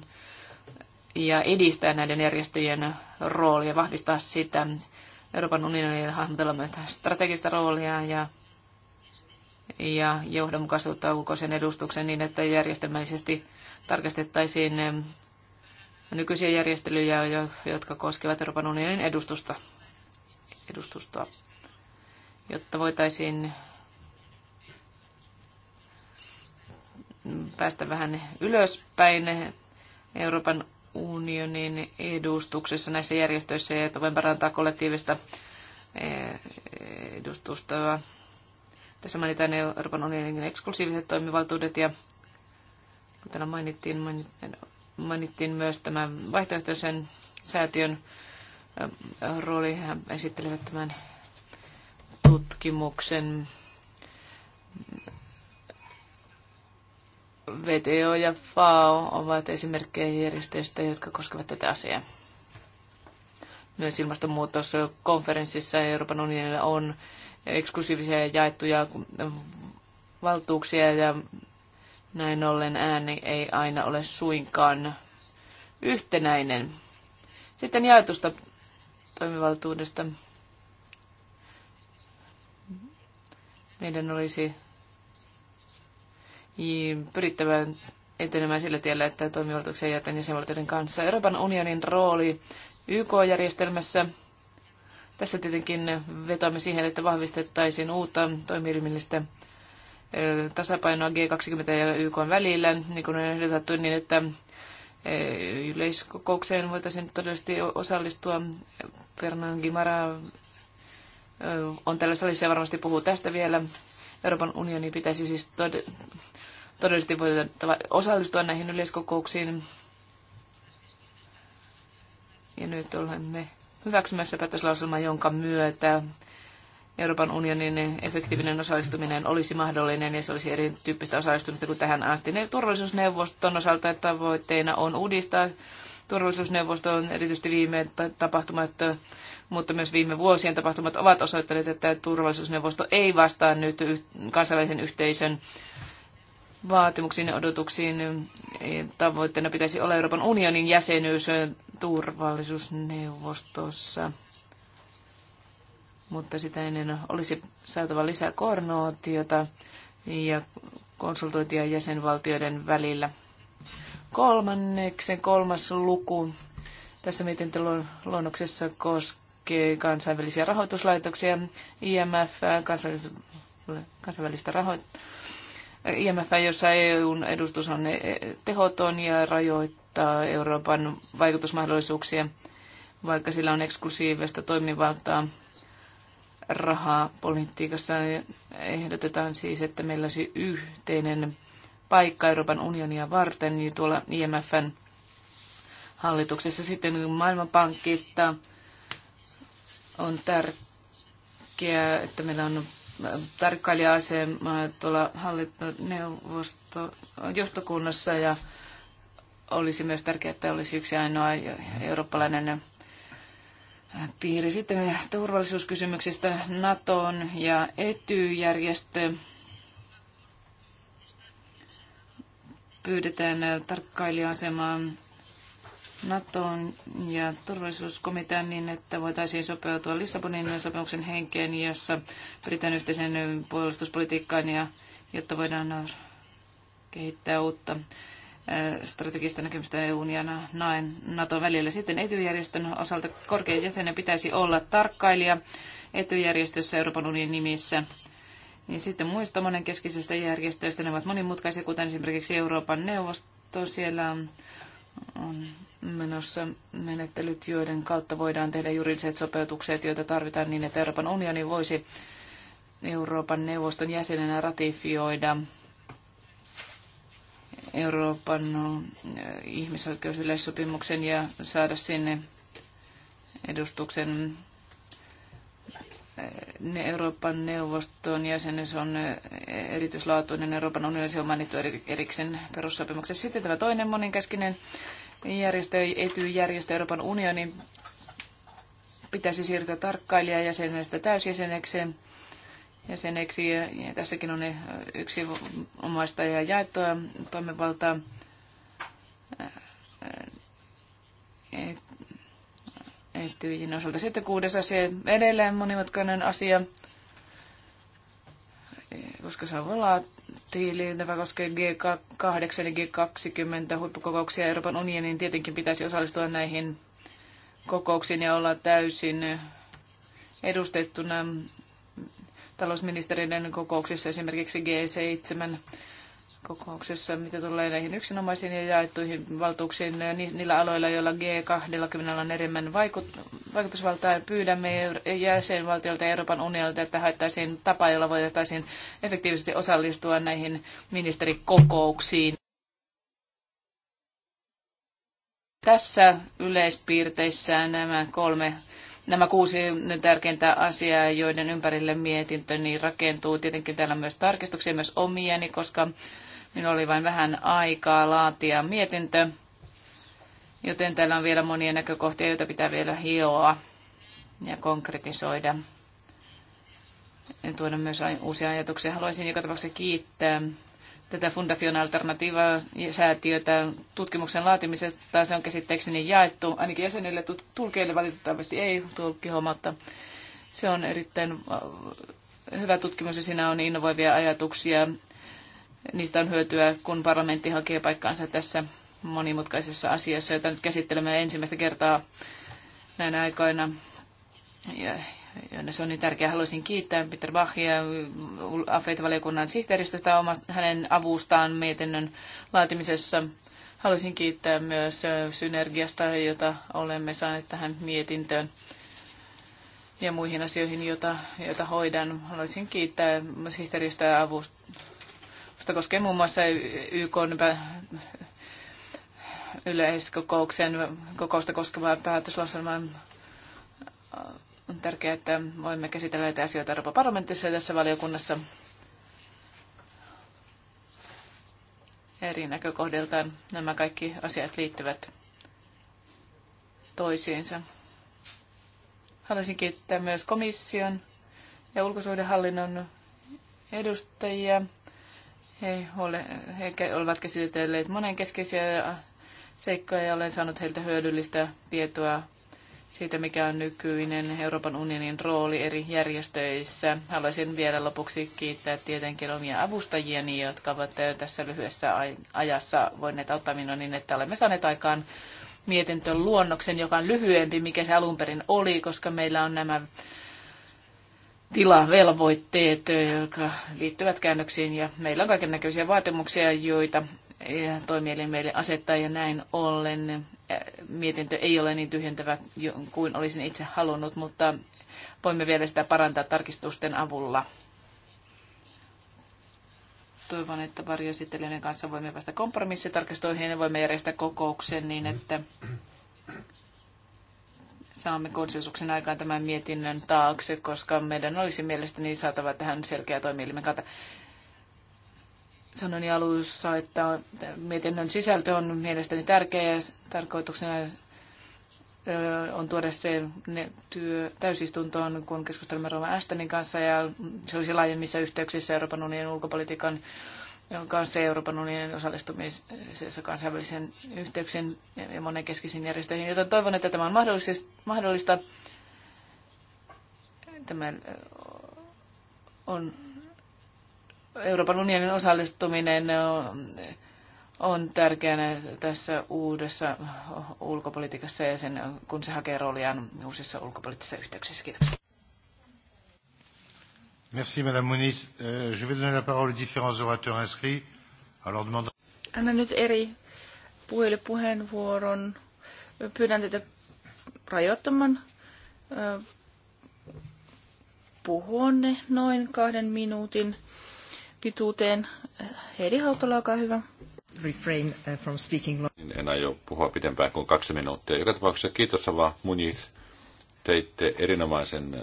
S2: ja edistää näiden järjestöjen roolia, vahvistaa sitä. Euroopan unionille hahmotella myös strategista roolia ja, ja johdonmukaisuutta ulkoisen edustuksen niin, että järjestelmällisesti tarkastettaisiin nykyisiä järjestelyjä, jotka koskevat Euroopan unionin edustusta, edustustoa, jotta voitaisiin päästä vähän ylöspäin Euroopan unionin edustuksessa näissä järjestöissä ja voin parantaa kollektiivista eh, edustusta. Tässä mainitaan Euroopan unionin eksklusiiviset toimivaltuudet ja kun täällä mainittiin, mainittiin myös tämä vaihtoehtoisen säätiön eh, rooli. Hän esittelevät tämän tutkimuksen VTO ja FAO ovat esimerkkejä järjestöistä, jotka koskevat tätä asiaa. Myös ilmastonmuutoskonferenssissa Euroopan unionilla on eksklusiivisia jaettuja valtuuksia ja näin ollen ääni ei aina ole suinkaan yhtenäinen. Sitten jaetusta toimivaltuudesta. Meidän olisi pyrittävän etenemään sillä tiellä, että toimivaltuuksia jätän jäsenvaltioiden kanssa. Euroopan unionin rooli YK-järjestelmässä. Tässä tietenkin vetoamme siihen, että vahvistettaisiin uutta toimielimellistä tasapainoa G20 ja YK välillä, niin kuin on ehdotettu, niin että yleiskokoukseen voitaisiin todellisesti osallistua. Fernand Gimara on tällä salissa ja varmasti puhuu tästä vielä. Euroopan unioni pitäisi siis tod- todellisesti voitettava osallistua näihin yleiskokouksiin. Ja nyt olemme hyväksymässä päätöslauselman, jonka myötä Euroopan unionin efektiivinen osallistuminen olisi mahdollinen ja se olisi erityyppistä osallistumista kuin tähän asti. Turvallisuusneuvoston osalta tavoitteena on uudistaa turvallisuusneuvosto on erityisesti viime tapahtumat mutta myös viime vuosien tapahtumat ovat osoittaneet, että turvallisuusneuvosto ei vastaa nyt kansainvälisen yhteisön vaatimuksiin ja odotuksiin. Tavoitteena pitäisi olla Euroopan unionin jäsenyys turvallisuusneuvostossa. Mutta sitä ennen olisi saatava lisää koordinaatiota ja konsultointia jäsenvaltioiden välillä. Kolmanneksi kolmas luku tässä mietintöluonnoksessa koskee koskee kansainvälisiä rahoituslaitoksia, IMF, kansainvälistä rahoitusta, IMF, jossa EUn edustus on tehoton ja rajoittaa Euroopan vaikutusmahdollisuuksia, vaikka sillä on eksklusiivista toimivaltaa rahapolitiikassa. Ehdotetaan siis, että meillä olisi yhteinen paikka Euroopan unionia varten, niin tuolla IMFn hallituksessa sitten Maailmanpankista – on tärkeää, että meillä on tarkkailija-asema tuolla hallintoneuvosto johtokunnassa ja olisi myös tärkeää, että olisi yksi ainoa eurooppalainen piiri. Sitten turvallisuuskysymyksistä NATOn ja ETY-järjestö. Pyydetään tarkkailija-asemaan NATOon ja turvallisuuskomitean niin, että voitaisiin sopeutua Lissabonin sopimuksen henkeen, jossa pyritään yhteisen puolustuspolitiikkaan ja jotta voidaan kehittää uutta strategista näkemystä EUn ja NATOn välillä. Sitten etujärjestön osalta korkean jäsenen pitäisi olla tarkkailija etujärjestössä Euroopan unionin nimissä. Niin sitten muista monenkeskisestä järjestöistä ne ovat monimutkaisia, kuten esimerkiksi Euroopan neuvosto. Siellä on on menossa menettelyt, joiden kautta voidaan tehdä juridiset sopeutukset, joita tarvitaan niin, että Euroopan unioni voisi Euroopan neuvoston jäsenenä ratifioida Euroopan ihmisoikeusyleissopimuksen ja saada sinne edustuksen ne Euroopan neuvoston jäsenyys on erityislaatuinen Euroopan unionissa on mainittu erikseen perussopimuksessa. Sitten tämä toinen moninkäskinen järjestö, etyjärjestö Euroopan unioni, pitäisi siirtyä tarkkailijajäsenestä täysjäsenekseen jäseneksi. Ja tässäkin on yksi omaista ja jaettua toimivaltaa etyjin osalta. Sitten kuudes asia, edelleen monimutkainen asia, koska se on volatiili, tämä koskee G8 ja G20 huippukokouksia. Euroopan unionin tietenkin pitäisi osallistua näihin kokouksiin ja olla täysin edustettuna talousministeriöiden kokouksissa, esimerkiksi G7 kokouksessa, mitä tulee näihin yksinomaisiin ja jaettuihin valtuuksiin niin niillä aloilla, joilla G20 on enemmän vaikutusvaltaa. Pyydämme jäsenvaltiolta ja Euroopan unionilta, että haettaisiin tapa, jolla voitaisiin efektiivisesti osallistua näihin ministerikokouksiin. Tässä yleispiirteissä nämä kolme nämä kuusi tärkeintä asiaa, joiden ympärille mietintöni niin rakentuu. Tietenkin täällä on myös tarkistuksia, myös omieni, koska Minulla oli vain vähän aikaa laatia mietintö, joten täällä on vielä monia näkökohtia, joita pitää vielä hioa ja konkretisoida. En tuoda myös uusia ajatuksia. Haluaisin joka tapauksessa kiittää tätä Fundación Alternativa-säätiötä tutkimuksen laatimisesta. Se on käsitteekseni jaettu, ainakin jäsenille, tulkeille valitettavasti ei mutta Se on erittäin hyvä tutkimus ja siinä on innovoivia ajatuksia niistä on hyötyä, kun parlamentti hakee paikkaansa tässä monimutkaisessa asiassa, jota nyt käsittelemme ensimmäistä kertaa näinä aikoina. Ja, ja se on niin tärkeää. Haluaisin kiittää Peter Bachia AFEIT-valiokunnan sihteeristöstä oma, hänen avustaan mietinnön laatimisessa. Haluaisin kiittää myös synergiasta, jota olemme saaneet tähän mietintöön ja muihin asioihin, joita, joita hoidan. Haluaisin kiittää sihteeristöä avust, Sopimusta koskee muun muassa YK yleiskokouksen kokousta koskevaa päätöslauselmaa. On tärkeää, että voimme käsitellä näitä asioita Euroopan parlamentissa ja tässä valiokunnassa eri näkökohdiltaan. Nämä kaikki asiat liittyvät toisiinsa. Haluaisin kiittää myös komission ja ulkosuhdehallinnon edustajia he, ole, he olivat käsitelleet monenkeskeisiä seikkoja ja olen saanut heiltä hyödyllistä tietoa siitä, mikä on nykyinen Euroopan unionin rooli eri järjestöissä. Haluaisin vielä lopuksi kiittää tietenkin omia avustajieni, jotka ovat tässä lyhyessä ajassa voineet auttaa minua niin, että olemme saaneet aikaan mietintön luonnoksen, joka on lyhyempi, mikä se alun perin oli, koska meillä on nämä tilavelvoitteet, jotka liittyvät käännöksiin. Ja meillä on kaiken näköisiä vaatimuksia, joita e, toimielin meille asettaa ja näin ollen mietintö ei ole niin tyhjentävä kuin olisin itse halunnut, mutta voimme vielä sitä parantaa tarkistusten avulla. Toivon, että varjoesittelijöiden kanssa voimme päästä kompromissitarkistoihin ja voimme järjestää kokouksen niin, että saamme konsensuksen aikaan tämän mietinnön taakse, koska meidän olisi mielestäni saatava tähän selkeä toimielimen kanta. Sanoin jo alussa, että mietinnön sisältö on mielestäni tärkeä ja tarkoituksena on tuoda se ne työ täysistuntoon, kun keskustelemme Roma Ashtonin kanssa ja se olisi laajemmissa yhteyksissä Euroopan unionin ulkopolitiikan jonka kanssa Euroopan unionin osallistumisessa kansainvälisen yhteyksien ja monenkeskisiin järjestöihin, joten toivon, että tämä on mahdollista. Tämä on Euroopan unionin osallistuminen on tärkeänä tässä uudessa ulkopolitiikassa ja sen, kun se hakee rooliaan uusissa ulkopoliittisissa yhteyksissä. Kiitoksia.
S1: Merci Madame euh, Je vais donner la parole aux différents orateurs inscrits. Alors
S4: Anna nyt eri puhujille puheenvuoron. Pyydän teitä rajoittamaan puhuonne noin kahden minuutin pituuteen. Heidi Hautala, olkaa hyvä. Refrain uh, from speaking long.
S3: En aio puhua pidempään kuin kaksi minuuttia. Joka tapauksessa kiitos vaan Muniz teitte erinomaisen äh,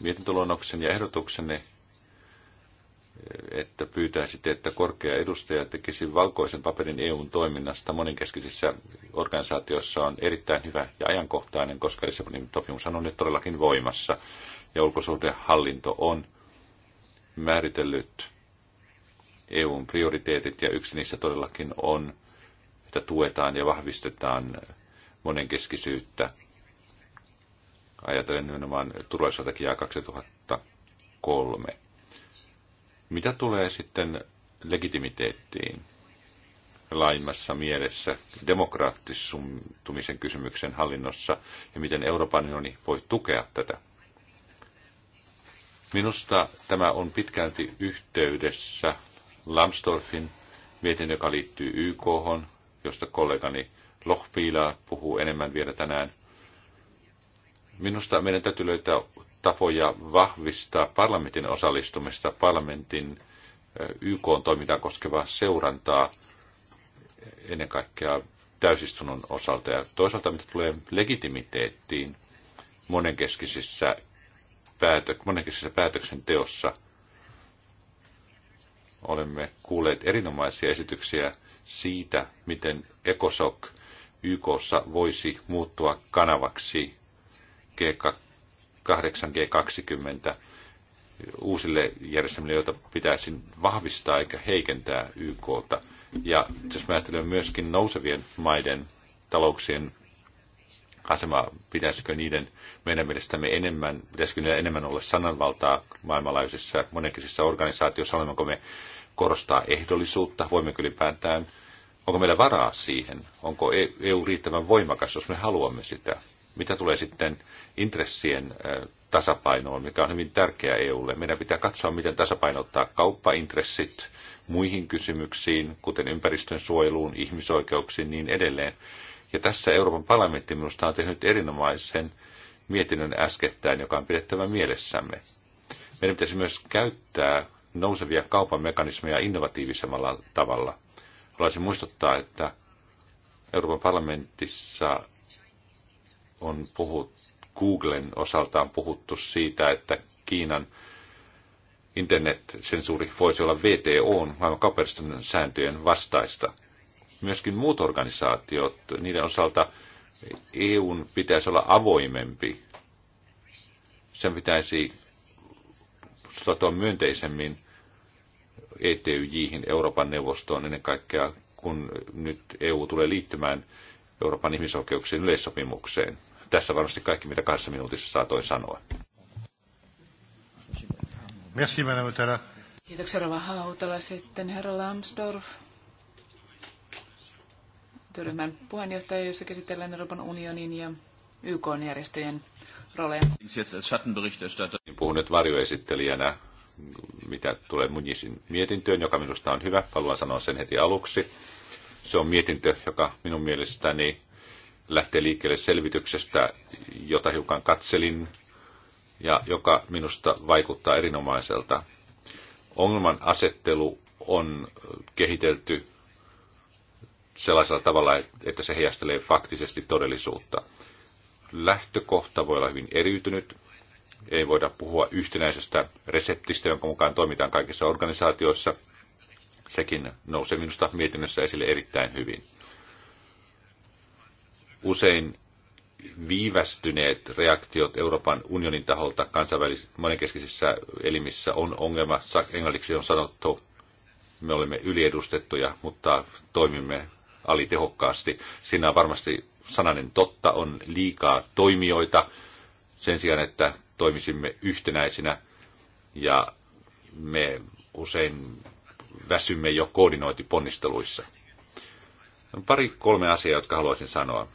S3: mietintöluonnoksen ja ehdotuksenne, äh, että pyytäisitte, että korkea edustaja tekisi valkoisen paperin EUn toiminnasta moninkeskisissä organisaatioissa on erittäin hyvä ja ajankohtainen, koska Lissabonin sopimus on nyt todellakin voimassa ja ulkosuhdehallinto on määritellyt EUn prioriteetit ja yksi niistä todellakin on, että tuetaan ja vahvistetaan monenkeskisyyttä ajatellen nimenomaan turvallisuusstrategiaa 2003. Mitä tulee sitten legitimiteettiin laajemmassa mielessä demokraattistumisen kysymyksen hallinnossa ja miten Euroopan unioni voi tukea tätä? Minusta tämä on pitkälti yhteydessä Lambsdorffin mietin, joka liittyy YK, josta kollegani Lohpiila puhuu enemmän vielä tänään – Minusta meidän täytyy löytää tapoja vahvistaa parlamentin osallistumista, parlamentin eh, yk toimintaan koskevaa seurantaa ennen kaikkea täysistunnon osalta. Ja toisaalta mitä tulee legitimiteettiin monenkeskisissä, päätö- monenkeskisessä päätöksenteossa, olemme kuulleet erinomaisia esityksiä siitä, miten ECOSOC YKssa voisi muuttua kanavaksi G8, G20 uusille järjestelmille, joita pitäisi vahvistaa eikä heikentää YKta. Ja jos mä ajattelen myöskin nousevien maiden talouksien asema, pitäisikö niiden meidän mielestämme enemmän, pitäisikö niillä enemmän olla sananvaltaa maailmanlaajuisissa monenkisissä organisaatioissa, olemmeko me korostaa ehdollisuutta, voimmeko ylipäätään, onko meillä varaa siihen, onko e- EU riittävän voimakas, jos me haluamme sitä. Mitä tulee sitten intressien tasapainoon, mikä on hyvin tärkeää EUlle. Meidän pitää katsoa, miten tasapainottaa kauppaintressit muihin kysymyksiin, kuten ympäristön suojeluun, ihmisoikeuksiin niin edelleen. Ja tässä Euroopan parlamentti minusta on tehnyt erinomaisen mietinnön äskettäin, joka on pidettävä mielessämme. Meidän pitäisi myös käyttää nousevia kaupan mekanismeja innovatiivisemmalla tavalla. Haluaisin muistuttaa, että Euroopan parlamentissa on puhuttu, Googlen osalta on puhuttu siitä, että Kiinan internetsensuuri voisi olla VTOn, maailman kaupallisten sääntöjen vastaista. Myöskin muut organisaatiot, niiden osalta EUn pitäisi olla avoimempi. Sen pitäisi suhtautua myönteisemmin ETYJihin, Euroopan neuvostoon ennen kaikkea, kun nyt EU tulee liittymään Euroopan ihmisoikeuksien yleissopimukseen. Tässä varmasti kaikki, mitä kahdessa minuutissa saatoi sanoa.
S1: Merci, madame
S2: Kiitoksia, Rova Hautala. Sitten herra Lambsdorff, työryhmän puheenjohtaja, jossa käsitellään Euroopan unionin ja YK-järjestöjen rooleja.
S3: Niin puhun nyt varjoesittelijänä, mitä tulee Munisin mietintöön, joka minusta on hyvä. Haluan sanoa sen heti aluksi. Se on mietintö, joka minun mielestäni lähtee liikkeelle selvityksestä, jota hiukan katselin ja joka minusta vaikuttaa erinomaiselta. Ongelman asettelu on kehitelty sellaisella tavalla, että se heijastelee faktisesti todellisuutta. Lähtökohta voi olla hyvin eriytynyt. Ei voida puhua yhtenäisestä reseptistä, jonka mukaan toimitaan kaikissa organisaatioissa. Sekin nousee minusta mietinnössä esille erittäin hyvin usein viivästyneet reaktiot Euroopan unionin taholta kansainvälisissä monenkeskisissä elimissä on ongelma. Englanniksi on sanottu, me olemme yliedustettuja, mutta toimimme alitehokkaasti. Siinä on varmasti sananen totta, on liikaa toimijoita sen sijaan, että toimisimme yhtenäisinä ja me usein väsymme jo koordinointiponnisteluissa. On pari kolme asiaa, jotka haluaisin sanoa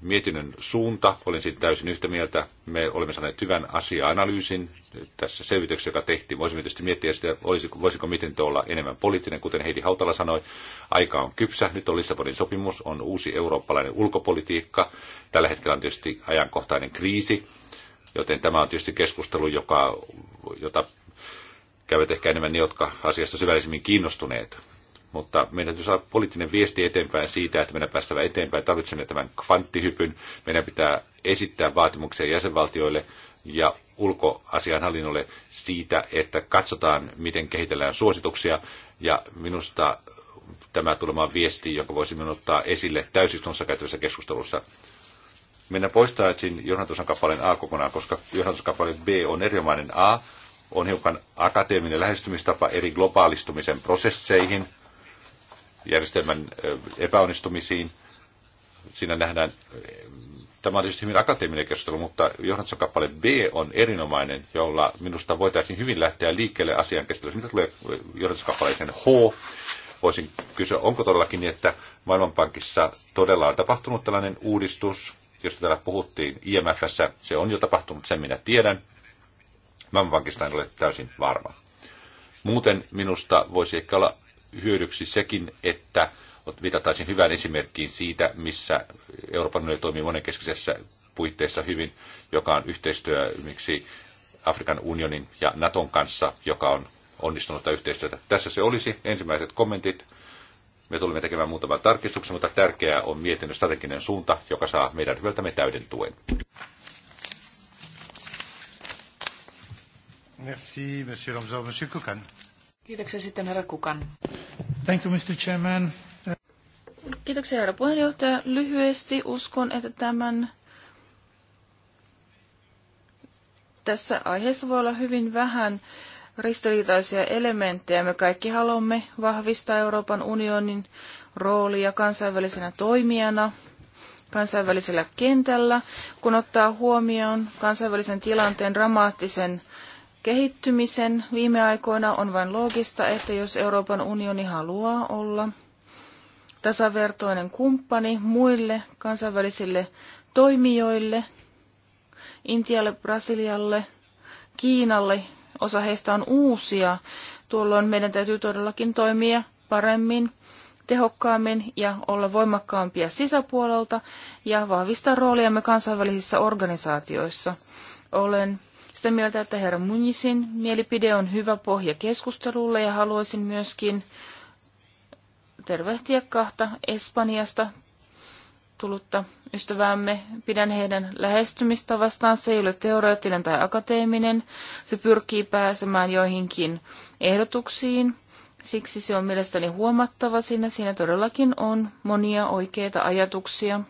S3: mietinnön suunta. Olen siitä täysin yhtä mieltä. Me olemme saaneet hyvän asia-analyysin tässä selvityksessä, joka tehtiin. Voisimme tietysti miettiä sitä, olisiko, voisiko mietintö olla enemmän poliittinen, kuten Heidi Hautala sanoi. Aika on kypsä. Nyt on Lissabonin sopimus, on uusi eurooppalainen ulkopolitiikka. Tällä hetkellä on tietysti ajankohtainen kriisi, joten tämä on tietysti keskustelu, joka, jota käyvät ehkä enemmän ne, jotka asiasta syvällisemmin kiinnostuneet mutta meidän täytyy saada poliittinen viesti eteenpäin siitä, että meidän päästävä eteenpäin. Tarvitsemme tämän kvanttihypyn. Meidän pitää esittää vaatimuksia jäsenvaltioille ja ulkoasianhallinnolle siitä, että katsotaan, miten kehitellään suosituksia. Ja minusta tämä tulemaan viesti, joka voisi ottaa esille täysistunnossa käytävässä keskustelussa. Minä etsin johdantosan kappaleen A kokonaan, koska johdantosan B on erinomainen A, on hiukan akateeminen lähestymistapa eri globaalistumisen prosesseihin – järjestelmän epäonnistumisiin. Siinä nähdään, tämä on tietysti hyvin akateeminen keskustelu, mutta Johansson kappale B on erinomainen, jolla minusta voitaisiin hyvin lähteä liikkeelle asian keskustelussa. Mitä tulee Johansson kappaleeseen H, voisin kysyä, onko todellakin niin, että Maailmanpankissa todella on tapahtunut tällainen uudistus, josta täällä puhuttiin IMFssä, se on jo tapahtunut, sen minä tiedän. Maailmanpankista en ole täysin varma. Muuten minusta voisi ehkä olla hyödyksi sekin, että viitataisin hyvään esimerkkiin siitä, missä Euroopan unioni toimii monenkeskisessä puitteissa hyvin, joka on yhteistyö miksi Afrikan unionin ja Naton kanssa, joka on onnistunutta yhteistyötä. Tässä se olisi ensimmäiset kommentit. Me tulemme tekemään muutaman tarkistuksen, mutta tärkeää on mietinnön strateginen suunta, joka saa meidän hyvältämme täyden tuen.
S1: Merci, monsieur Lomzor. Monsieur Kukan.
S2: Kiitoksia sitten herra
S1: Kukan. Thank you, Mr. Chairman.
S2: Kiitoksia herra puheenjohtaja.
S4: Lyhyesti uskon, että tämän tässä aiheessa voi olla hyvin vähän ristiriitaisia elementtejä. Me kaikki haluamme vahvistaa Euroopan unionin roolia kansainvälisenä toimijana kansainvälisellä kentällä, kun ottaa huomioon kansainvälisen tilanteen dramaattisen kehittymisen viime aikoina, on vain loogista, että jos Euroopan unioni haluaa olla tasavertoinen kumppani muille kansainvälisille toimijoille, Intialle, Brasilialle, Kiinalle, osa heistä on uusia, tuolloin meidän täytyy todellakin toimia paremmin, tehokkaammin ja olla voimakkaampia sisäpuolelta ja vahvistaa rooliamme kansainvälisissä organisaatioissa. Olen sitä mieltä, että herra Munisin mielipide on hyvä pohja keskustelulle ja haluaisin myöskin tervehtiä kahta Espanjasta tullutta ystäväämme. Pidän heidän lähestymistavastaan. Se ei ole teoreettinen tai akateeminen. Se pyrkii pääsemään joihinkin ehdotuksiin. Siksi se on mielestäni huomattava siinä. Siinä todellakin on monia oikeita ajatuksia.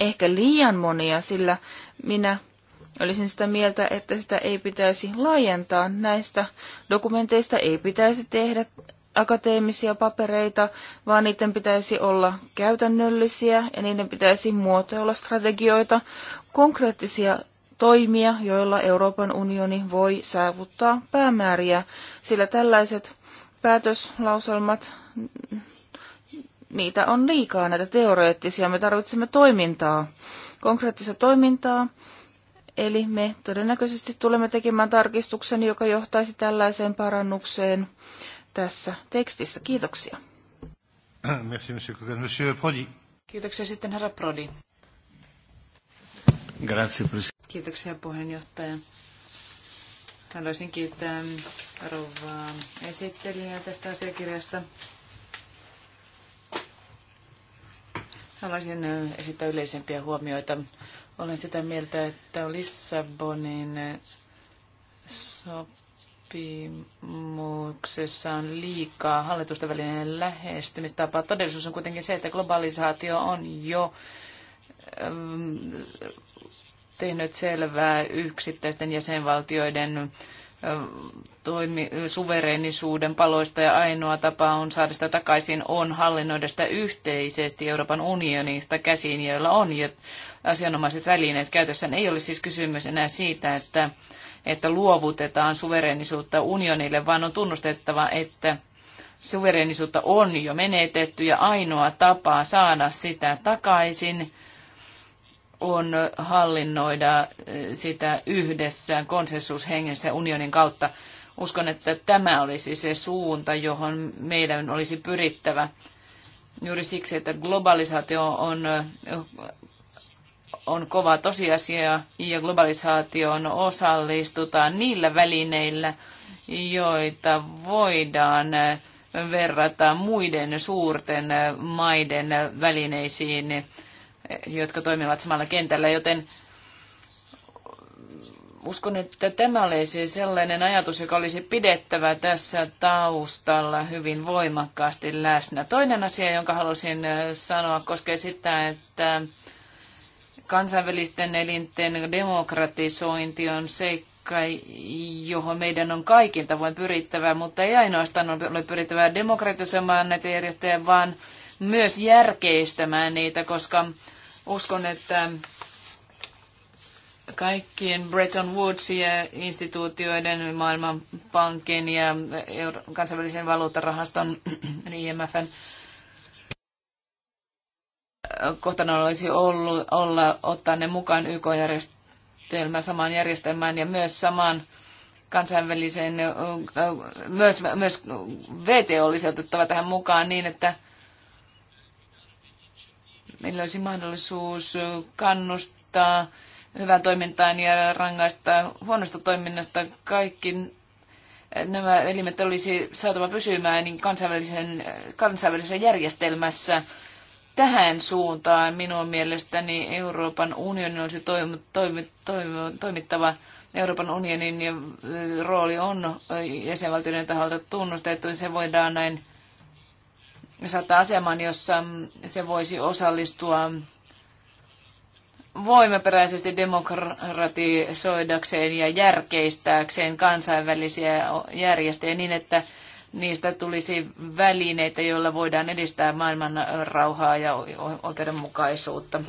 S4: Ehkä liian monia, sillä minä Olisin sitä mieltä, että sitä ei pitäisi laajentaa. Näistä dokumenteista ei pitäisi tehdä akateemisia papereita, vaan niiden pitäisi olla käytännöllisiä ja niiden pitäisi muotoilla strategioita, konkreettisia toimia, joilla Euroopan unioni voi saavuttaa päämääriä, sillä tällaiset päätöslauselmat, niitä on liikaa näitä teoreettisia, me tarvitsemme toimintaa, konkreettista toimintaa, Eli me todennäköisesti tulemme tekemään tarkistuksen, joka johtaisi tällaiseen parannukseen
S2: tässä tekstissä. Kiitoksia.
S1: Merci, monsieur Monsieur Prodi.
S2: Kiitoksia sitten herra Prodi. Grazie, Kiitoksia puheenjohtaja. Haluaisin kiittää rouvaa esittelijää tästä asiakirjasta. Haluaisin äh, esittää yleisempiä huomioita olen sitä mieltä, että Lissabonin sopimuksessa on liikaa hallitusten välinen lähestymistapa. Todellisuus on kuitenkin se, että globalisaatio on jo ähm, tehnyt selvää yksittäisten jäsenvaltioiden toimi, suvereenisuuden paloista ja ainoa tapa on saada sitä takaisin on hallinnoida sitä yhteisesti Euroopan unionista käsiin, joilla on jo asianomaiset välineet käytössä. Ei ole siis kysymys enää siitä, että, että luovutetaan suvereenisuutta unionille, vaan on tunnustettava, että suvereenisuutta on jo menetetty ja ainoa tapa saada sitä takaisin – on hallinnoida eh, sitä yhdessä konsensushengessä unionin kautta. Uskon, että tämä olisi se suunta, johon meidän olisi pyrittävä. Juuri siksi, että globalisaatio on, eh, on kova tosiasia ja globalisaation osallistutaan niillä välineillä, joita voidaan eh, verrata muiden suurten maiden välineisiin jotka toimivat samalla kentällä, joten uskon, että tämä olisi sellainen ajatus, joka olisi pidettävä tässä taustalla hyvin voimakkaasti läsnä. Toinen asia, jonka halusin äh, sanoa, koskee sitä, että kansainvälisten elinten demokratisointi on seikka, johon meidän on kaikin tavoin pyrittävä, mutta ei ainoastaan ole pyrittävä demokratisoimaan näitä järjestöjä, vaan myös järkeistämään niitä, koska Uskon, että kaikkien Bretton Woods-instituutioiden, Maailmanpankin ja kansainvälisen valuuttarahaston IMFn kohtana olisi ollut olla, ottaa ne mukaan YK-järjestelmään, samaan järjestelmään ja myös samaan kansainväliseen, myös, myös VT olisi otettava tähän mukaan niin, että Meillä olisi mahdollisuus kannustaa hyvään toimintaan ja rangaista huonosta toiminnasta. Kaikki nämä elimet olisi saatava pysymään niin kansainvälisen, kansainvälisessä järjestelmässä. Tähän suuntaan minun mielestäni Euroopan unionin olisi toim, toim, toim, toimittava. Euroopan unionin rooli on jäsenvaltioiden taholta tunnustettu. Se voidaan näin saattaa aseman, jossa se voisi osallistua voimaperäisesti demokratisoidakseen ja järkeistääkseen kansainvälisiä järjestöjä niin, että niistä tulisi välineitä, joilla voidaan edistää maailman rauhaa ja oikeudenmukaisuutta.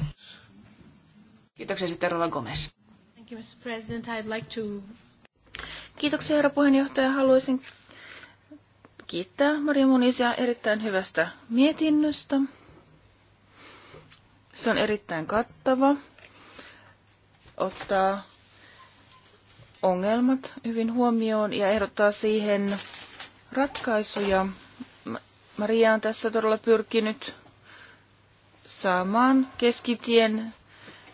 S2: Kiitoksia sitten Rova Gomez. Thank you, Mr. President.
S4: I'd like to... Kiitoksia herra puheenjohtaja. Haluaisin kiittää Maria Munisia erittäin hyvästä mietinnöstä. Se on erittäin kattava, ottaa ongelmat hyvin huomioon ja ehdottaa siihen ratkaisuja. Maria on tässä todella pyrkinyt saamaan keskitien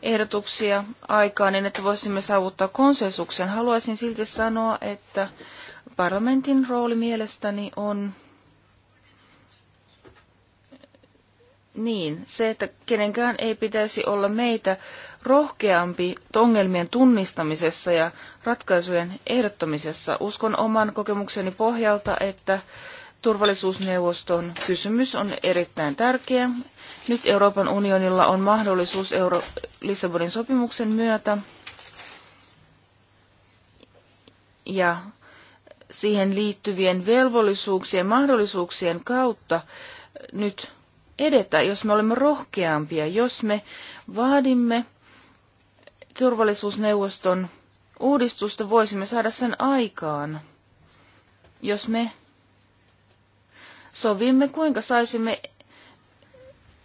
S4: ehdotuksia aikaan niin, että voisimme saavuttaa konsensuksen. Haluaisin silti sanoa, että Parlamentin rooli mielestäni on niin, se, että kenenkään ei pitäisi olla meitä rohkeampi ongelmien tunnistamisessa ja ratkaisujen ehdottamisessa. Uskon oman kokemukseni pohjalta, että turvallisuusneuvoston kysymys on erittäin tärkeä. Nyt Euroopan unionilla on mahdollisuus Euro- Lissabonin sopimuksen myötä ja siihen liittyvien velvollisuuksien mahdollisuuksien kautta nyt edetä, jos me olemme rohkeampia, jos me vaadimme turvallisuusneuvoston uudistusta, voisimme saada sen aikaan, jos me sovimme, kuinka saisimme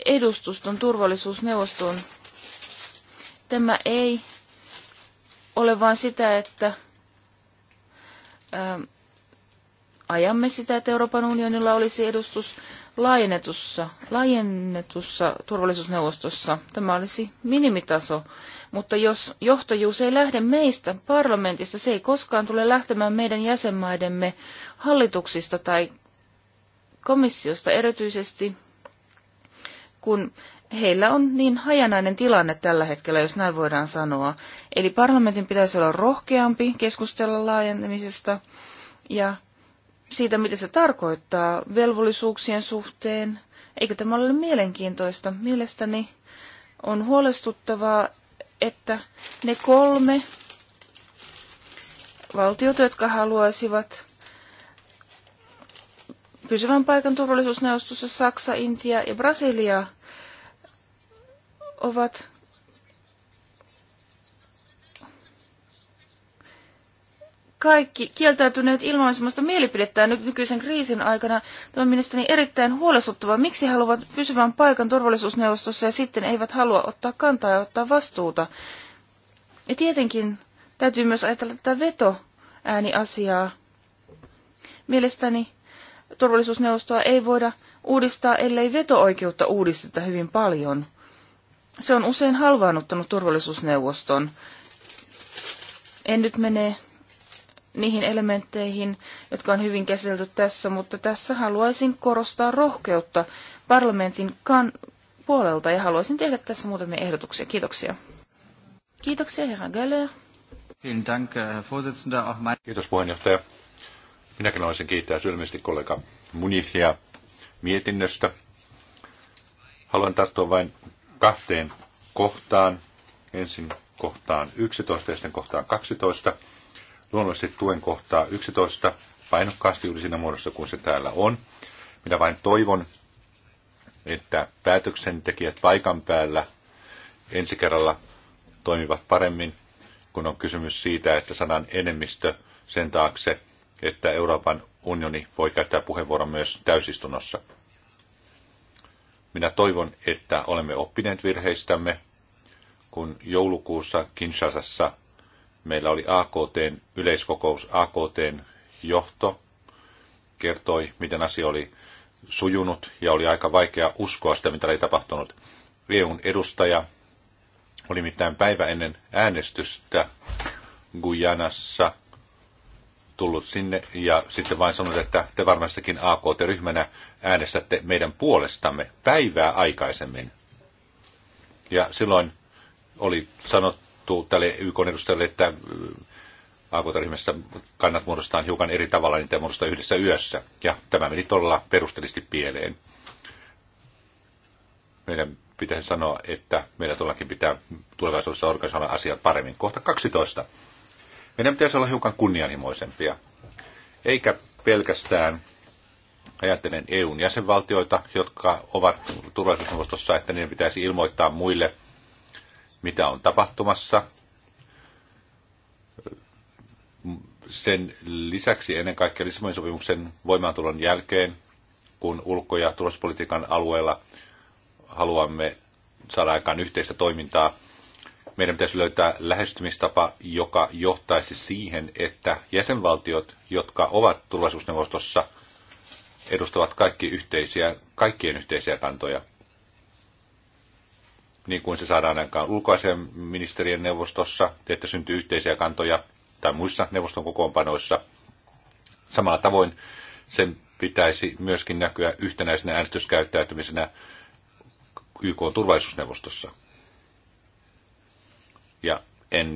S4: edustuston turvallisuusneuvostoon. Tämä ei ole vain sitä, että ähm, ajamme sitä, että Euroopan unionilla olisi edustus laajennetussa, laajennetussa turvallisuusneuvostossa. Tämä olisi minimitaso, mutta jos johtajuus ei lähde meistä parlamentista, se ei koskaan tule lähtemään meidän jäsenmaidemme hallituksista tai komissiosta erityisesti, kun heillä on niin hajanainen tilanne tällä hetkellä, jos näin voidaan sanoa. Eli parlamentin pitäisi olla rohkeampi keskustella laajentamisesta ja siitä, mitä se tarkoittaa velvollisuuksien suhteen. Eikö tämä ole mielenkiintoista? Mielestäni on huolestuttavaa, että ne kolme valtiota, jotka haluaisivat pysyvän paikan turvallisuusneuvostossa Saksa, Intia ja Brasilia, ovat kaikki kieltäytyneet ilmaisemasta mielipidettään nyt nykyisen kriisin aikana. Tämä on mielestäni erittäin huolestuttava. Miksi haluavat pysyvän paikan turvallisuusneuvostossa ja sitten eivät halua ottaa kantaa ja ottaa vastuuta? Ja tietenkin täytyy myös ajatella tätä vetoääniasiaa. Mielestäni turvallisuusneuvostoa ei voida uudistaa, ellei veto-oikeutta uudisteta hyvin paljon. Se on usein halvaannuttanut turvallisuusneuvoston. En nyt mene niihin elementteihin, jotka on hyvin käsitelty tässä, mutta tässä haluaisin korostaa rohkeutta parlamentin kan- puolelta ja haluaisin tehdä tässä muutamia ehdotuksia. Kiitoksia. Kiitoksia, herra Göller.
S3: Äh, Kiitos puheenjohtaja. Minäkin haluaisin kiittää sylmästi kollega Munisia mietinnöstä. Haluan tarttua vain kahteen kohtaan. Ensin kohtaan 11 ja sitten kohtaan 12 luonnollisesti tuen kohtaa 11 painokkaasti juuri siinä muodossa, kun se täällä on. Minä vain toivon, että päätöksentekijät paikan päällä ensi kerralla toimivat paremmin, kun on kysymys siitä, että sanan enemmistö sen taakse, että Euroopan unioni voi käyttää puheenvuoron myös täysistunnossa. Minä toivon, että olemme oppineet virheistämme, kun joulukuussa Kinshasassa meillä oli AKTn yleiskokous, AKTn johto kertoi, miten asia oli sujunut ja oli aika vaikea uskoa sitä, mitä oli tapahtunut. EUn edustaja oli mitään päivä ennen äänestystä Gujanassa tullut sinne ja sitten vain sanoi, että te varmastikin AKT-ryhmänä äänestätte meidän puolestamme päivää aikaisemmin. Ja silloin oli sanottu, sanottu tälle YK edustajalle, että äh, AKT-ryhmässä kannat muodostaa hiukan eri tavalla, niitä muodostaa yhdessä yössä. Ja tämä meni todella perusteellisesti pieleen. Meidän pitäisi sanoa, että meillä todellakin pitää tulevaisuudessa organisoida asiat paremmin. Kohta 12. Meidän pitäisi olla hiukan kunnianhimoisempia, eikä pelkästään ajattelen EUn jäsenvaltioita, jotka ovat turvallisuusneuvostossa, että niiden pitäisi ilmoittaa muille – mitä on tapahtumassa. Sen lisäksi ennen kaikkea Lissabonin sopimuksen voimaantulon jälkeen, kun ulko- ja turvallisuuspolitiikan alueella haluamme saada aikaan yhteistä toimintaa, meidän pitäisi löytää lähestymistapa, joka johtaisi siihen, että jäsenvaltiot, jotka ovat turvallisuusneuvostossa, edustavat kaikki yhteisiä, kaikkien yhteisiä kantoja – niin kuin se saadaan aikaan ulkoasiaministerien neuvostossa, että syntyy yhteisiä kantoja tai muissa neuvoston kokoonpanoissa. Samalla tavoin sen pitäisi myöskin näkyä yhtenäisenä äänestyskäyttäytymisenä YK turvallisuusneuvostossa. Ja en